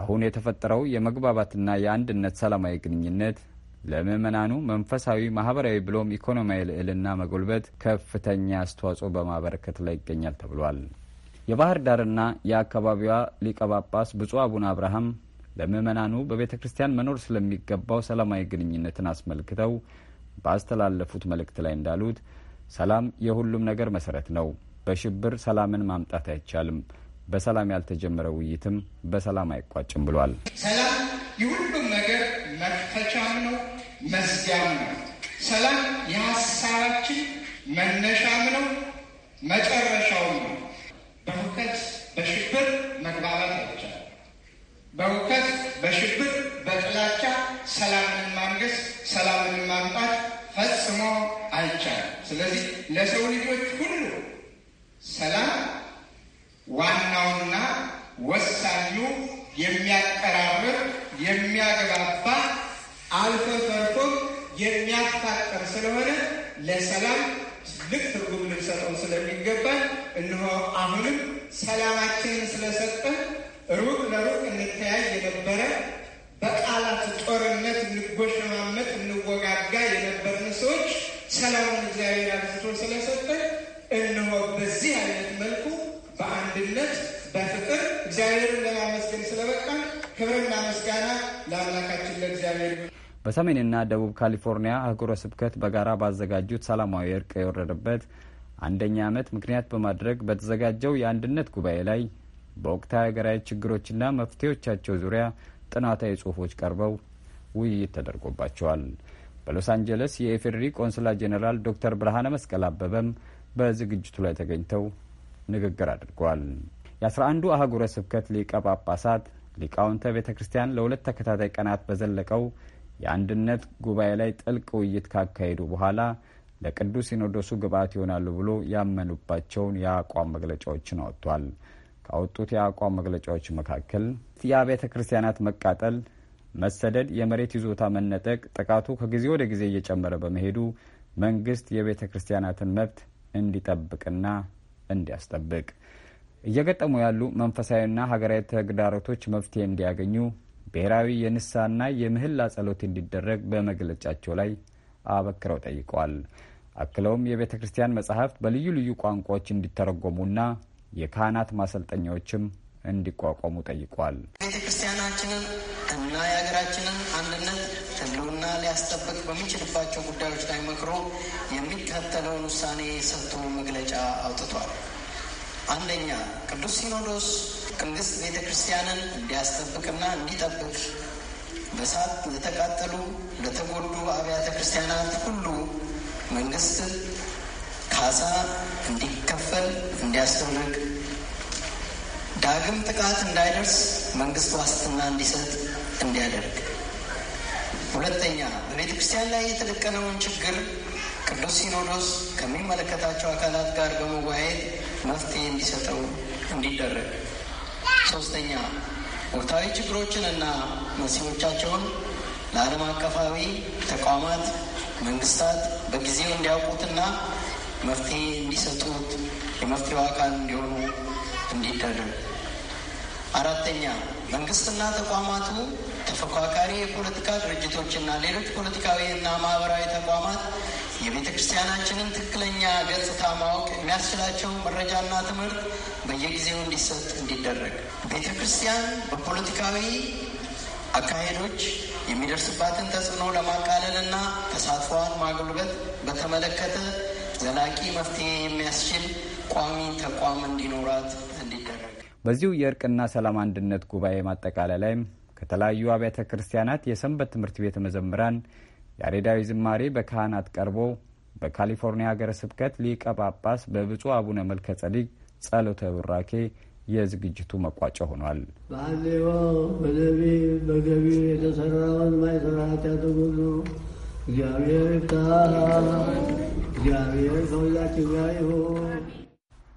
አሁን የተፈጠረው የመግባባትና የአንድነት ሰላማዊ ግንኙነት ለምዕመናኑ መንፈሳዊ፣ ማህበራዊ ብሎም ኢኮኖሚያዊ ልዕልና መጎልበት ከፍተኛ አስተዋጽኦ በማበረከት ላይ ይገኛል ተብሏል። የባህር ዳርና የአካባቢዋ ሊቀ ጳጳስ ብፁዕ አቡነ አብርሃም ለምዕመናኑ በቤተ ክርስቲያን መኖር ስለሚገባው ሰላማዊ ግንኙነትን አስመልክተው ባስተላለፉት መልእክት ላይ እንዳሉት ሰላም የሁሉም ነገር መሰረት ነው። በሽብር ሰላምን ማምጣት አይቻልም። በሰላም ያልተጀመረ ውይይትም በሰላም አይቋጭም ብሏል። ሰላም የሁሉም ነገር መክፈቻም ነው፣ መዝጊያም ነው። ሰላም የሀሳባችን መነሻም ነው፣ መጨረሻውም ነው። በሁከት በሽብር መግባባት አይቻልም። በውከት በሽብር በጥላቻ ሰላምን ማንገስ ሰላምን ማምጣት ፈጽሞ አይቻልም። ስለዚህ ለሰው ልጆች ሁሉ ሰላም ዋናውና ወሳኙ የሚያቀራርብ የሚያገባባ አልፎ ተርፎም የሚያፋቀር ስለሆነ ለሰላም ትልቅ ትርጉም ልንሰጠው ስለሚገባል እነሆ አሁንም ሰላማችንን ስለሰጠን ሩቅ ለሩቅ እንተያይ የነበረ በቃላት ጦርነት እንጎሸማመት እንወጋጋ የነበርን ሰዎች ሰላሙን እግዚአብሔር አብዝቶ ስለሰጠን እነሆ በዚህ አይነት መልኩ በአንድነት በፍቅር እግዚአብሔርን ለማመስገን ስለበቃን ክብርና ምስጋና ለአምላካችን ለእግዚአብሔር። በሰሜንና ደቡብ ካሊፎርኒያ አህጉረ ስብከት በጋራ ባዘጋጁት ሰላማዊ እርቅ የወረደበት አንደኛ ዓመት ምክንያት በማድረግ በተዘጋጀው የአንድነት ጉባኤ ላይ በወቅታዊ ሀገራዊ ችግሮችና መፍትሄዎቻቸው ዙሪያ ጥናታዊ ጽሑፎች ቀርበው ውይይት ተደርጎባቸዋል። በሎስ አንጀለስ የኢፌዴሪ ቆንስላ ጄኔራል ዶክተር ብርሃነ መስቀል አበበም በዝግጅቱ ላይ ተገኝተው ንግግር አድርገዋል። የአስራ አንዱ አህጉረ ስብከት ሊቀ ጳጳሳት ሊቃውንተ ቤተ ክርስቲያን ለሁለት ተከታታይ ቀናት በዘለቀው የአንድነት ጉባኤ ላይ ጥልቅ ውይይት ካካሄዱ በኋላ ለቅዱስ ሲኖዶሱ ግብዓት ይሆናሉ ብሎ ያመኑባቸውን የአቋም መግለጫዎችን አወጥቷል። ካወጡት የአቋም መግለጫዎች መካከል የአብያተ ክርስቲያናት መቃጠል፣ መሰደድ፣ የመሬት ይዞታ መነጠቅ፣ ጥቃቱ ከጊዜ ወደ ጊዜ እየጨመረ በመሄዱ መንግስት የቤተ ክርስቲያናትን መብት እንዲጠብቅና እንዲያስጠብቅ እየገጠሙ ያሉ መንፈሳዊና ሀገራዊ ተግዳሮቶች መፍትሄ እንዲያገኙ ብሔራዊ የንሳና የምህላ ጸሎት እንዲደረግ በመግለጫቸው ላይ አበክረው ጠይቀዋል። አክለውም የቤተ ክርስቲያን መጽሐፍት በልዩ ልዩ ቋንቋዎች እንዲተረጎሙና የካህናት ማሰልጠኛዎችም እንዲቋቋሙ ጠይቋል። ቤተ ክርስቲያናችንን እና የሀገራችንን አንድነት ህልውና ሊያስጠብቅ በሚችልባቸው ጉዳዮች ላይ መክሮ የሚከተለውን ውሳኔ ሰጥቶ መግለጫ አውጥቷል። አንደኛ፣ ቅዱስ ሲኖዶስ መንግስት ቤተ ክርስቲያንን እንዲያስጠብቅና እንዲጠብቅ በሳት ለተቃጠሉ ለተጎዱ አብያተ ክርስቲያናት ሁሉ መንግስት ካሳ እንዲከፈል እንዲያስደርግ ዳግም ጥቃት እንዳይደርስ መንግስት ዋስትና እንዲሰጥ እንዲያደርግ። ሁለተኛ በቤተ ክርስቲያን ላይ የተደቀነውን ችግር ቅዱስ ሲኖዶስ ከሚመለከታቸው አካላት ጋር በመወያየት መፍትሄ እንዲሰጠው እንዲደረግ። ሶስተኛ ወቅታዊ ችግሮችንና መሲዎቻቸውን ለዓለም አቀፋዊ ተቋማት መንግስታት በጊዜው እንዲያውቁትና መፍትሄ እንዲሰጡት የመፍትሄው አካል እንዲሆኑ እንዲደረግ። አራተኛ መንግስትና ተቋማቱ ተፎካካሪ የፖለቲካ ድርጅቶችና ሌሎች ፖለቲካዊ እና ማህበራዊ ተቋማት የቤተ ክርስቲያናችንን ትክክለኛ ገጽታ ማወቅ የሚያስችላቸው መረጃና ትምህርት በየጊዜው እንዲሰጥ እንዲደረግ፣ ቤተ ክርስቲያን በፖለቲካዊ አካሄዶች የሚደርስባትን ተጽዕኖ ለማቃለልና ተሳትፏን ማጉልበት በተመለከተ ዘላቂ መፍትሄ የሚያስችል ቋሚ ተቋም እንዲኖራት እንዲደረግ በዚሁ የእርቅና ሰላም አንድነት ጉባኤ ማጠቃለያ ላይም ከተለያዩ አብያተ ክርስቲያናት የሰንበት ትምህርት ቤት መዘምራን ያሬዳዊ ዝማሬ በካህናት ቀርቦ በካሊፎርኒያ ሀገረ ስብከት ሊቀ ጳጳስ በብፁዕ አቡነ መልከ ጸዲቅ ጸሎተ ቡራኬ የዝግጅቱ መቋጫ ሆኗል። በገቢ የተሰራውን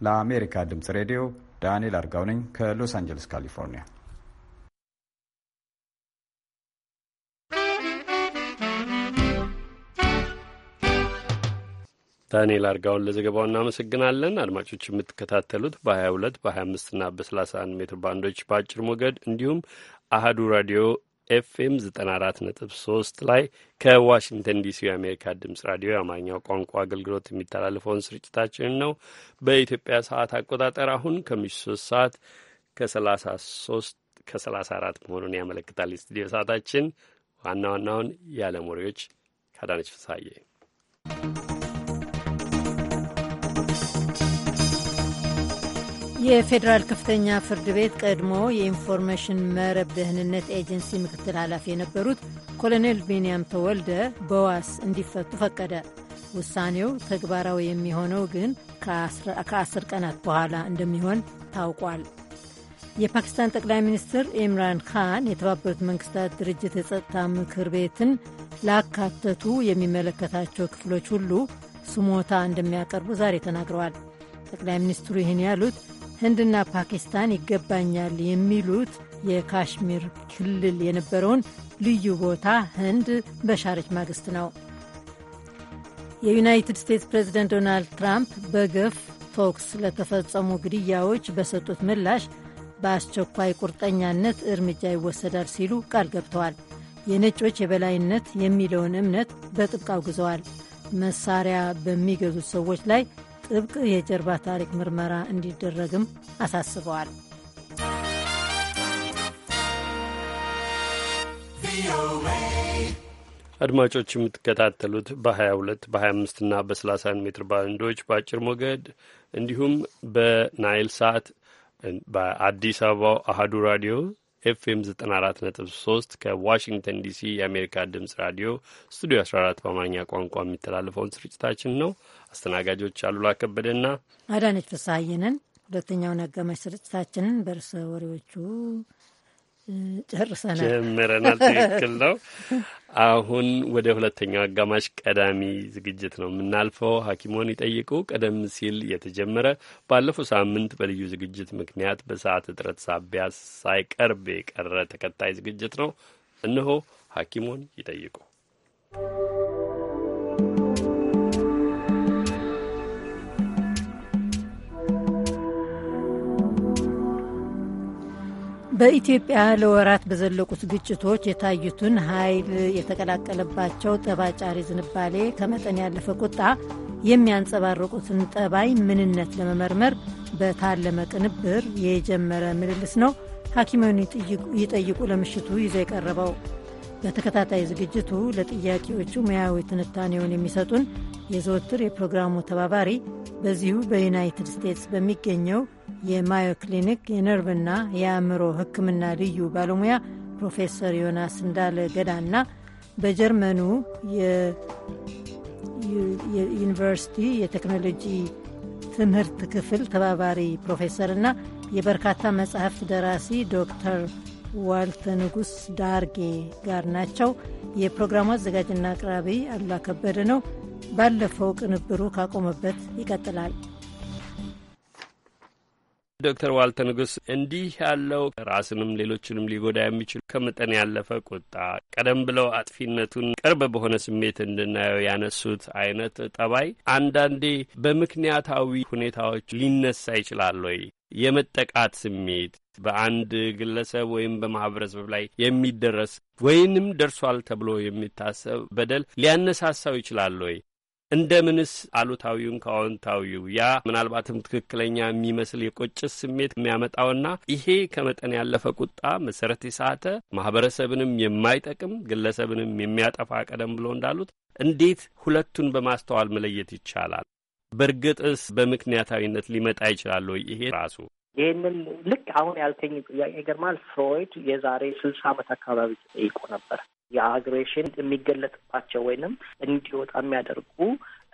ለአሜሪካ ድምፅ ሬዲዮ ዳንኤል አርጋው ነኝ ከሎስ አንጀለስ ካሊፎርኒያ። ዳንኤል አርጋውን ለዘገባው እናመሰግናለን። አድማጮች የምትከታተሉት በ22 በ25ና በ31 ሜትር ባንዶች በአጭር ሞገድ እንዲሁም አህዱ ራዲዮ ኤፍኤም 94.3 ላይ ከዋሽንግተን ዲሲ የአሜሪካ ድምጽ ራዲዮ የአማርኛው ቋንቋ አገልግሎት የሚተላለፈውን ስርጭታችንን ነው። በኢትዮጵያ ሰዓት አቆጣጠር አሁን ከምሽቱ 3 ሰዓት ከ33 ከ34 መሆኑን ያመለክታል። የስቱዲዮ ሰዓታችን ዋና ዋናውን የዓለም ወሬዎች ከአዳነች ፍሳዬ የፌዴራል ከፍተኛ ፍርድ ቤት ቀድሞ የኢንፎርሜሽን መረብ ደህንነት ኤጀንሲ ምክትል ኃላፊ የነበሩት ኮሎኔል ቢንያም ተወልደ በዋስ እንዲፈቱ ፈቀደ። ውሳኔው ተግባራዊ የሚሆነው ግን ከአስር ቀናት በኋላ እንደሚሆን ታውቋል። የፓኪስታን ጠቅላይ ሚኒስትር ኢምራን ካን የተባበሩት መንግስታት ድርጅት የጸጥታ ምክር ቤትን ላካተቱ የሚመለከታቸው ክፍሎች ሁሉ ስሞታ እንደሚያቀርቡ ዛሬ ተናግረዋል። ጠቅላይ ሚኒስትሩ ይህን ያሉት ህንድና ፓኪስታን ይገባኛል የሚሉት የካሽሚር ክልል የነበረውን ልዩ ቦታ ህንድ በሻረች ማግስት ነው። የዩናይትድ ስቴትስ ፕሬዝደንት ዶናልድ ትራምፕ በገፍ ቶክስ ለተፈጸሙ ግድያዎች በሰጡት ምላሽ በአስቸኳይ ቁርጠኛነት እርምጃ ይወሰዳል ሲሉ ቃል ገብተዋል። የነጮች የበላይነት የሚለውን እምነት በጥብቅ አውግዘዋል። መሳሪያ በሚገዙት ሰዎች ላይ ጥብቅ የጀርባ ታሪክ ምርመራ እንዲደረግም አሳስበዋል። አድማጮች የምትከታተሉት በ22 በ25 እና በ31 ሜትር ባንዶች በአጭር ሞገድ እንዲሁም በናይል ሳት በአዲስ አበባው አህዱ ራዲዮ ኤፍኤም 94.3 ከዋሽንግተን ዲሲ የአሜሪካ ድምፅ ራዲዮ ስቱዲዮ 14 በአማርኛ ቋንቋ የሚተላለፈውን ስርጭታችን ነው። አስተናጋጆች አሉላ ከበደና አዳነች ፍስሐየንን። ሁለተኛውን አጋማሽ ስርጭታችንን በርዕሰ ወሬዎቹ ጨርሰናል፣ ጀምረናል። ትክክል ነው። አሁን ወደ ሁለተኛው አጋማሽ ቀዳሚ ዝግጅት ነው የምናልፈው። ሐኪሞን ይጠይቁ ቀደም ሲል የተጀመረ ባለፈው ሳምንት በልዩ ዝግጅት ምክንያት በሰዓት እጥረት ሳቢያ ሳይቀርብ የቀረ ተከታይ ዝግጅት ነው። እነሆ ሐኪሞን ይጠይቁ በኢትዮጵያ ለወራት በዘለቁት ግጭቶች የታዩትን ኃይል የተቀላቀለባቸው ጠባጫሪ ዝንባሌ፣ ከመጠን ያለፈ ቁጣ የሚያንጸባርቁትን ጠባይ ምንነት ለመመርመር በታለመ ቅንብር የጀመረ ምልልስ ነው። ሐኪሙን ይጠይቁ ለምሽቱ ይዞ የቀረበው በተከታታይ ዝግጅቱ ለጥያቄዎቹ ሙያዊ ትንታኔውን የሚሰጡን የዘወትር የፕሮግራሙ ተባባሪ በዚሁ በዩናይትድ ስቴትስ በሚገኘው የማዮ ክሊኒክ የነርቭና የአእምሮ ሕክምና ልዩ ባለሙያ ፕሮፌሰር ዮናስ እንዳለ ገዳና በጀርመኑ የዩኒቨርሲቲ የቴክኖሎጂ ትምህርት ክፍል ተባባሪ ፕሮፌሰርና የበርካታ መጽሐፍት ደራሲ ዶክተር ዋልተ ንጉስ ዳርጌ ጋር ናቸው። የፕሮግራሙ አዘጋጅና አቅራቢ አሉላ ከበደ ነው። ባለፈው ቅንብሩ ካቆመበት ይቀጥላል። ዶክተር ዋልተ ንጉስ እንዲህ ያለው ራስንም ሌሎችንም ሊጎዳ የሚችል ከመጠን ያለፈ ቁጣ ቀደም ብለው አጥፊነቱን ቅርብ በሆነ ስሜት እንድናየው ያነሱት አይነት ጠባይ አንዳንዴ በምክንያታዊ ሁኔታዎች ሊነሳ ይችላል ወይ? የመጠቃት ስሜት በአንድ ግለሰብ ወይም በማህበረሰብ ላይ የሚደረስ ወይንም ደርሷል ተብሎ የሚታሰብ በደል ሊያነሳሳው ይችላል ወይ? እንደምንስ አሉታዊውን ከአዎንታዊው ያ ምናልባትም ትክክለኛ የሚመስል የቆጭስ ስሜት የሚያመጣውና ይሄ ከመጠን ያለፈ ቁጣ መሰረት የሳተ ማህበረሰብንም የማይጠቅም ግለሰብንም የሚያጠፋ ቀደም ብሎ እንዳሉት እንዴት ሁለቱን በማስተዋል መለየት ይቻላል? በእርግጥስ በምክንያታዊነት ሊመጣ ይችላል ወይ? ይሄ ራሱ ይህንን ልክ አሁን ያልከኝ ጥያቄ ይገርማል። ፍሮይድ የዛሬ ስልሳ ዓመት አካባቢ ጠይቆ ነበር። የአግሬሽን የሚገለጽባቸው ወይንም እንዲወጣ የሚያደርጉ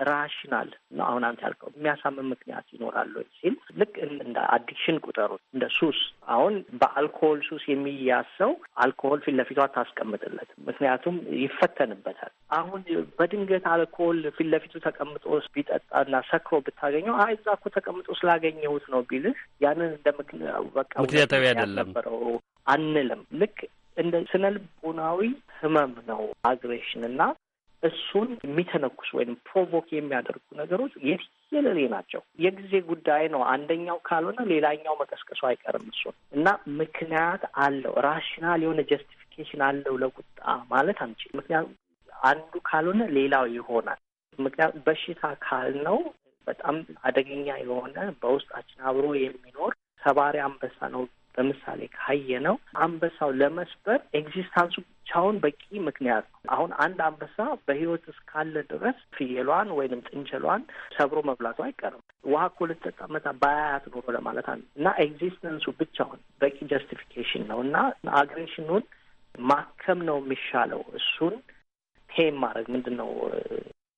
ራሽናል ነው። አሁን አንተ ያልከው የሚያሳምን ምክንያት ይኖራሉ ሲል ልክ እንደ አዲክሽን ቁጠሩት፣ እንደ ሱስ። አሁን በአልኮሆል ሱስ የሚያዝ ሰው አልኮሆል ፊት ለፊቷ ታስቀምጥለት፣ ምክንያቱም ይፈተንበታል። አሁን በድንገት አልኮሆል ፊት ለፊቱ ተቀምጦ ቢጠጣ እና ሰክሮ ብታገኘው አይ እዛ እኮ ተቀምጦ ስላገኘሁት ነው ቢልህ ያንን እንደ በቃ ምክንያታዊ አይደለም አንልም። ልክ እንደ ስነ ልቦናዊ ህመም ነው አግሬሽን እና እሱን የሚተነኩስ ወይም ፕሮቮክ የሚያደርጉ ነገሮች የትየለሌ ናቸው። የጊዜ ጉዳይ ነው። አንደኛው ካልሆነ ሌላኛው መቀስቀሱ አይቀርም። እሱን እና ምክንያት አለው ራሽናል የሆነ ጀስቲፊኬሽን አለው ለቁጣ ማለት አንችል። ምክንያቱም አንዱ ካልሆነ ሌላው ይሆናል። ምክንያቱ በሽታ ካል ነው በጣም አደገኛ የሆነ በውስጣችን አብሮ የሚኖር ሰባሪ አንበሳ ነው ለምሳሌ ካየ ነው አንበሳው ለመስበር ኤግዚስታንሱ ብቻውን በቂ ምክንያት ነው። አሁን አንድ አንበሳ በህይወት እስካለ ድረስ ፍየሏን ወይንም ጥንቸሏን ሰብሮ መብላቱ አይቀርም። ውሃ እኮ ልትጠጣመታ ባያያት ኖሮ ለማለት አለ እና ኤግዚስተንሱ ብቻውን በቂ ጀስቲፊኬሽን ነው እና አግሬሽኑን ማከም ነው የሚሻለው። እሱን ቴም ማድረግ ምንድን ነው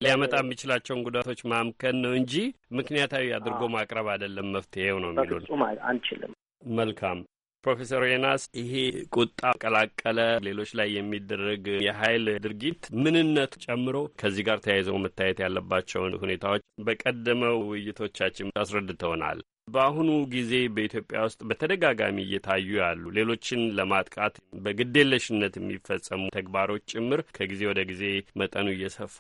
ሊያመጣ የሚችላቸውን ጉዳቶች ማምከን ነው እንጂ ምክንያታዊ አድርጎ ማቅረብ አይደለም መፍትሄው ነው የሚሉን። አንችልም። መልካም ፕሮፌሰር ዮናስ ይሄ ቁጣ ቀላቀለ ሌሎች ላይ የሚደረግ የኃይል ድርጊት ምንነት ጨምሮ ከዚህ ጋር ተያይዘው መታየት ያለባቸውን ሁኔታዎች በቀደመው ውይይቶቻችን አስረድተውናል። በአሁኑ ጊዜ በኢትዮጵያ ውስጥ በተደጋጋሚ እየታዩ ያሉ ሌሎችን ለማጥቃት በግዴለሽነት የሚፈጸሙ ተግባሮች ጭምር ከጊዜ ወደ ጊዜ መጠኑ እየሰፋ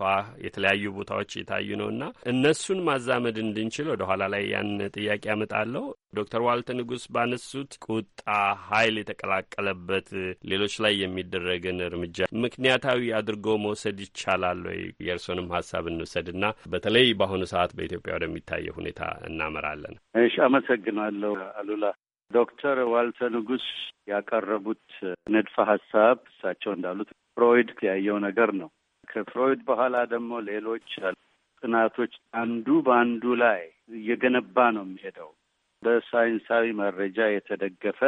የተለያዩ ቦታዎች እየታዩ ነውና እነሱን ማዛመድ እንድንችል ወደ ኋላ ላይ ያን ጥያቄ ያመጣለሁ። ዶክተር ዋልተ ንጉስ ባነሱት ቁጣ ኃይል የተቀላቀለበት ሌሎች ላይ የሚደረግን እርምጃ ምክንያታዊ አድርጎ መውሰድ ይቻላል ወይ? የእርስንም ሀሳብ እንውሰድና በተለይ በአሁኑ ሰዓት በኢትዮጵያ ወደሚታየው ሁኔታ እናመራለን። እሺ፣ አመሰግናለሁ አሉላ። ዶክተር ዋልተ ንጉስ ያቀረቡት ንድፈ ሀሳብ እሳቸው እንዳሉት ፍሮይድ ያየው ነገር ነው። ከፍሮይድ በኋላ ደግሞ ሌሎች ጥናቶች አንዱ በአንዱ ላይ እየገነባ ነው የሚሄደው በሳይንሳዊ መረጃ የተደገፈ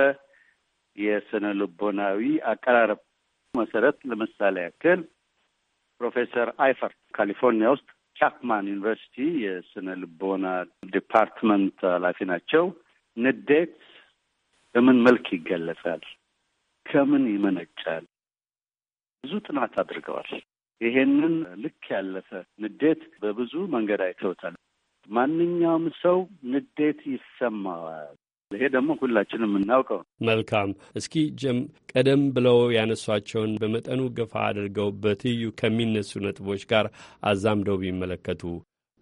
የስነ ልቦናዊ አቀራረብ መሰረት ለምሳሌ ያክል ፕሮፌሰር አይፈር ካሊፎርኒያ ውስጥ ቻፕማን ዩኒቨርሲቲ የስነ ልቦና ዲፓርትመንት ኃላፊ ናቸው። ንዴት በምን መልክ ይገለጻል? ከምን ይመነጫል? ብዙ ጥናት አድርገዋል። ይሄንን ልክ ያለፈ ንዴት በብዙ መንገድ አይተውታል። ማንኛውም ሰው ንዴት ይሰማዋል። ይሄ ደግሞ ሁላችንም የምናውቀው። መልካም እስኪ ጀም ቀደም ብለው ያነሷቸውን በመጠኑ ገፋ አድርገው በትዩ ከሚነሱ ነጥቦች ጋር አዛምደው ቢመለከቱ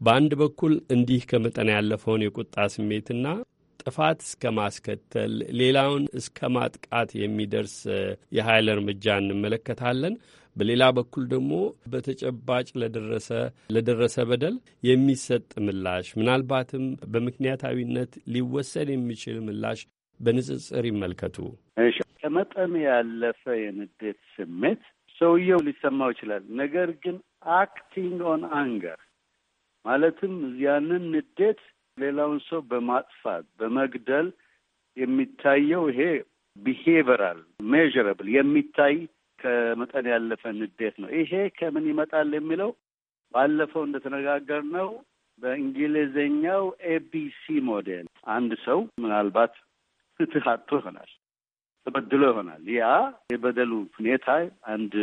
በአንድ በኩል እንዲህ ከመጠን ያለፈውን የቁጣ ስሜትና ጥፋት እስከ ማስከተል ሌላውን እስከ ማጥቃት የሚደርስ የኃይል እርምጃ እንመለከታለን። በሌላ በኩል ደግሞ በተጨባጭ ለደረሰ ለደረሰ በደል የሚሰጥ ምላሽ ምናልባትም በምክንያታዊነት ሊወሰድ የሚችል ምላሽ በንጽጽር ይመልከቱ። እሺ፣ ከመጠን ያለፈ የንዴት ስሜት ሰውየው ሊሰማው ይችላል። ነገር ግን አክቲንግ ኦን አንገር ማለትም ያንን ንዴት ሌላውን ሰው በማጥፋት በመግደል የሚታየው ይሄ ቢሄቨራል ሜዥረብል የሚታይ ከመጠን ያለፈ ንዴት ነው። ይሄ ከምን ይመጣል የሚለው ባለፈው እንደተነጋገር ነው። በእንግሊዝኛው ኤቢሲ ሞዴል አንድ ሰው ምናልባት ፍትህ አጥቶ ይሆናል፣ ተበድሎ ይሆናል። ያ የበደሉ ሁኔታ አንድ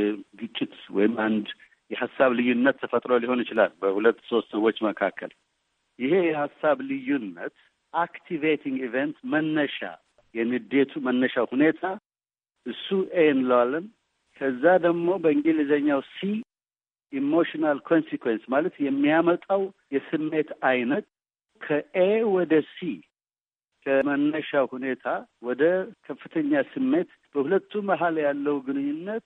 ግጭት ወይም አንድ የሀሳብ ልዩነት ተፈጥሮ ሊሆን ይችላል በሁለት ሶስት ሰዎች መካከል። ይሄ የሀሳብ ልዩነት አክቲቬቲንግ ኢቨንት መነሻ የንዴቱ መነሻ ሁኔታ እሱ ኤ እንለዋለን። ከዛ ደግሞ በእንግሊዝኛው ሲ ኢሞሽናል ኮንሲኩዌንስ ማለት የሚያመጣው የስሜት አይነት ከኤ ወደ ሲ ከመነሻ ሁኔታ ወደ ከፍተኛ ስሜት በሁለቱ መሀል ያለው ግንኙነት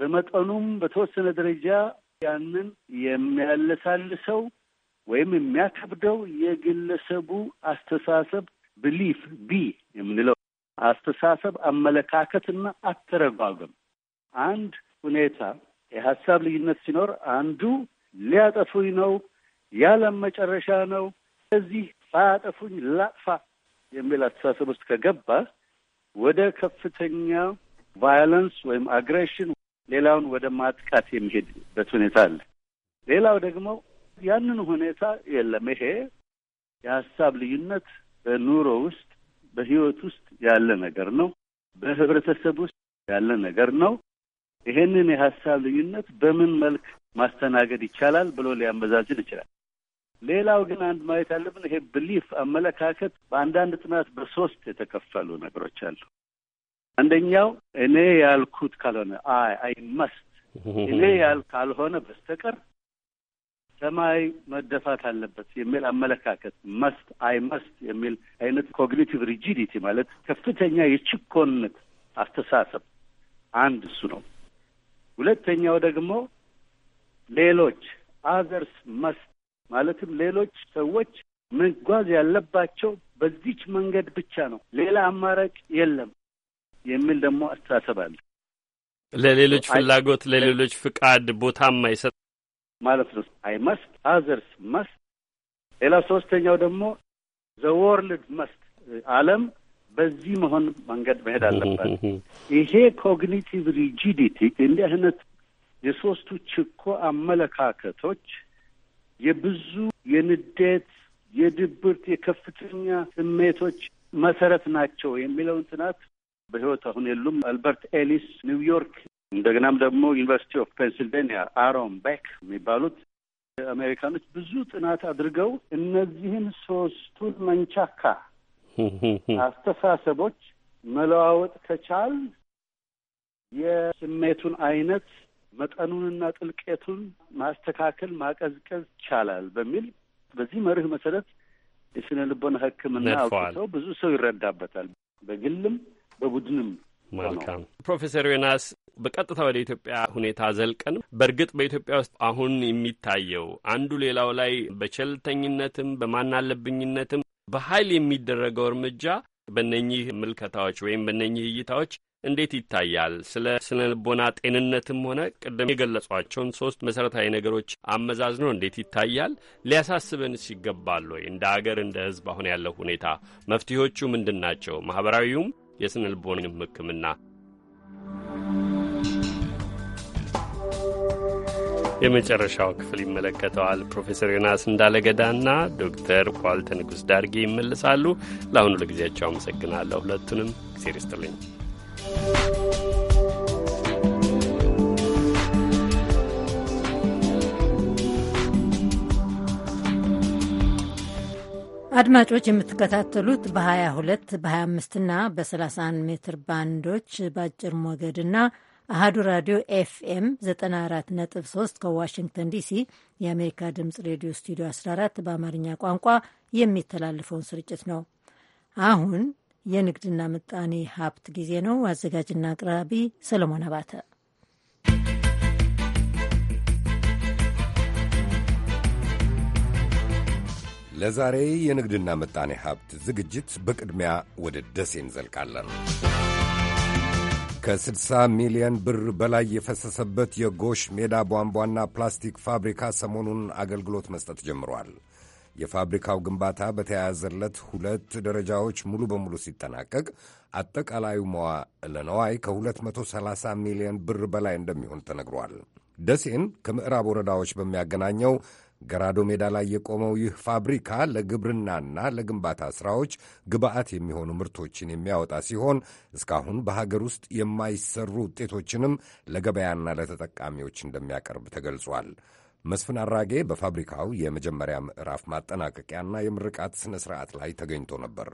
በመጠኑም በተወሰነ ደረጃ ያንን የሚያለሳልሰው ወይም የሚያከብደው የግለሰቡ አስተሳሰብ ብሊፍ ቢ የምንለው አስተሳሰብ አመለካከትና አተረጓጎም አንድ ሁኔታ የሀሳብ ልዩነት ሲኖር አንዱ ሊያጠፉኝ ነው ያለም መጨረሻ ነው እዚህ ባያጠፉኝ ላጥፋ የሚል አስተሳሰብ ውስጥ ከገባ ወደ ከፍተኛ ቫዮለንስ ወይም አግሬሽን ሌላውን ወደ ማጥቃት የሚሄድበት ሁኔታ አለ። ሌላው ደግሞ ያንን ሁኔታ የለም። ይሄ የሀሳብ ልዩነት በኑሮ ውስጥ በህይወት ውስጥ ያለ ነገር ነው። በህብረተሰብ ውስጥ ያለ ነገር ነው። ይሄንን የሀሳብ ልዩነት በምን መልክ ማስተናገድ ይቻላል ብሎ ሊያመዛዝን ይችላል። ሌላው ግን አንድ ማየት ያለብን ይሄ ብሊፍ አመለካከት በአንዳንድ ጥናት በሶስት የተከፈሉ ነገሮች አሉ። አንደኛው እኔ ያልኩት ካልሆነ አይ አይ መስት እኔ ያል ካልሆነ በስተቀር ሰማይ መደፋት አለበት የሚል አመለካከት መስት አይ መስት የሚል አይነት ኮግኒቲቭ ሪጂዲቲ ማለት ከፍተኛ የችኮንነት አስተሳሰብ አንድ እሱ ነው። ሁለተኛው ደግሞ ሌሎች አዘርስ መስ ማለትም ሌሎች ሰዎች መጓዝ ያለባቸው በዚች መንገድ ብቻ ነው፣ ሌላ አማራጭ የለም የሚል ደግሞ አስተሳሰብ አለ። ለሌሎች ፍላጎት፣ ለሌሎች ፍቃድ ቦታ የማይሰጥ ማለት ነው። አይ መስት አዘርስ መስት ሌላ ሶስተኛው ደግሞ ዘ ወርልድ መስት አለም በዚህ መሆን መንገድ መሄድ አለበት። ይሄ ኮግኒቲቭ ሪጂዲቲ እንዲህ አይነት የሶስቱ ችኮ አመለካከቶች የብዙ የንዴት፣ የድብርት፣ የከፍተኛ ስሜቶች መሰረት ናቸው የሚለውን ጥናት በህይወት አሁን የሉም አልበርት ኤሊስ ኒውዮርክ፣ እንደገናም ደግሞ ዩኒቨርሲቲ ኦፍ ፔንስልቬኒያ አሮን ቤክ የሚባሉት አሜሪካኖች ብዙ ጥናት አድርገው እነዚህን ሶስቱን መንቻካ አስተሳሰቦች መለዋወጥ ከቻል የስሜቱን አይነት መጠኑንና ጥልቀቱን ማስተካከል ማቀዝቀዝ ይቻላል በሚል በዚህ መርህ መሰረት የስነ ልቦና ሕክምና አውጥተው ብዙ ሰው ይረዳበታል በግልም በቡድንም። መልካም ፕሮፌሰር ዮናስ በቀጥታ ወደ ኢትዮጵያ ሁኔታ ዘልቀን በእርግጥ በኢትዮጵያ ውስጥ አሁን የሚታየው አንዱ ሌላው ላይ በቸልተኝነትም በማናለብኝነትም በኃይል የሚደረገው እርምጃ በነኚህ ምልከታዎች ወይም በነኚህ እይታዎች እንዴት ይታያል? ስለ ስነ ልቦና ጤንነትም ሆነ ቅድም የገለጿቸውን ሶስት መሠረታዊ ነገሮች አመዛዝኖ እንዴት ይታያል? ሊያሳስበንስ ይገባል ወይ? እንደ አገር እንደ ሕዝብ አሁን ያለው ሁኔታ መፍትሄዎቹ ምንድን ናቸው? ማኅበራዊውም የስነ ልቦናም ሕክምና የመጨረሻው ክፍል ይመለከተዋል። ፕሮፌሰር ዮናስ እንዳለገዳና ዶክተር ኳልተ ንጉሥ ዳርጌ ይመልሳሉ። ለአሁኑ ለጊዜያቸው አመሰግናለሁ። ሁለቱንም እግዜር ይስጥልኝ። አድማጮች የምትከታተሉት በ22 በ25 እና በ31 ሜትር ባንዶች በአጭር ሞገድና አህዱ ራዲዮ ኤፍኤም 94.3 ከዋሽንግተን ዲሲ የአሜሪካ ድምፅ ሬዲዮ ስቱዲዮ 14 በአማርኛ ቋንቋ የሚተላለፈውን ስርጭት ነው። አሁን የንግድና ምጣኔ ሀብት ጊዜ ነው። አዘጋጅና አቅራቢ ሰለሞን አባተ። ለዛሬ የንግድና ምጣኔ ሀብት ዝግጅት በቅድሚያ ወደ ደሴ እንዘልቃለን። ከ60 ሚሊዮን ብር በላይ የፈሰሰበት የጎሽ ሜዳ ቧንቧና ፕላስቲክ ፋብሪካ ሰሞኑን አገልግሎት መስጠት ጀምሯል። የፋብሪካው ግንባታ በተያያዘለት ሁለት ደረጃዎች ሙሉ በሙሉ ሲጠናቀቅ አጠቃላዩ መዋዕለ ነዋይ ከ230 ሚሊዮን ብር በላይ እንደሚሆን ተነግሯል። ደሴን ከምዕራብ ወረዳዎች በሚያገናኘው ገራዶ ሜዳ ላይ የቆመው ይህ ፋብሪካ ለግብርናና ለግንባታ ሥራዎች ግብአት የሚሆኑ ምርቶችን የሚያወጣ ሲሆን እስካሁን በሀገር ውስጥ የማይሰሩ ውጤቶችንም ለገበያና ለተጠቃሚዎች እንደሚያቀርብ ተገልጿል። መስፍን አራጌ በፋብሪካው የመጀመሪያ ምዕራፍ ማጠናቀቂያና የምርቃት ሥነ ሥርዓት ላይ ተገኝቶ ነበር።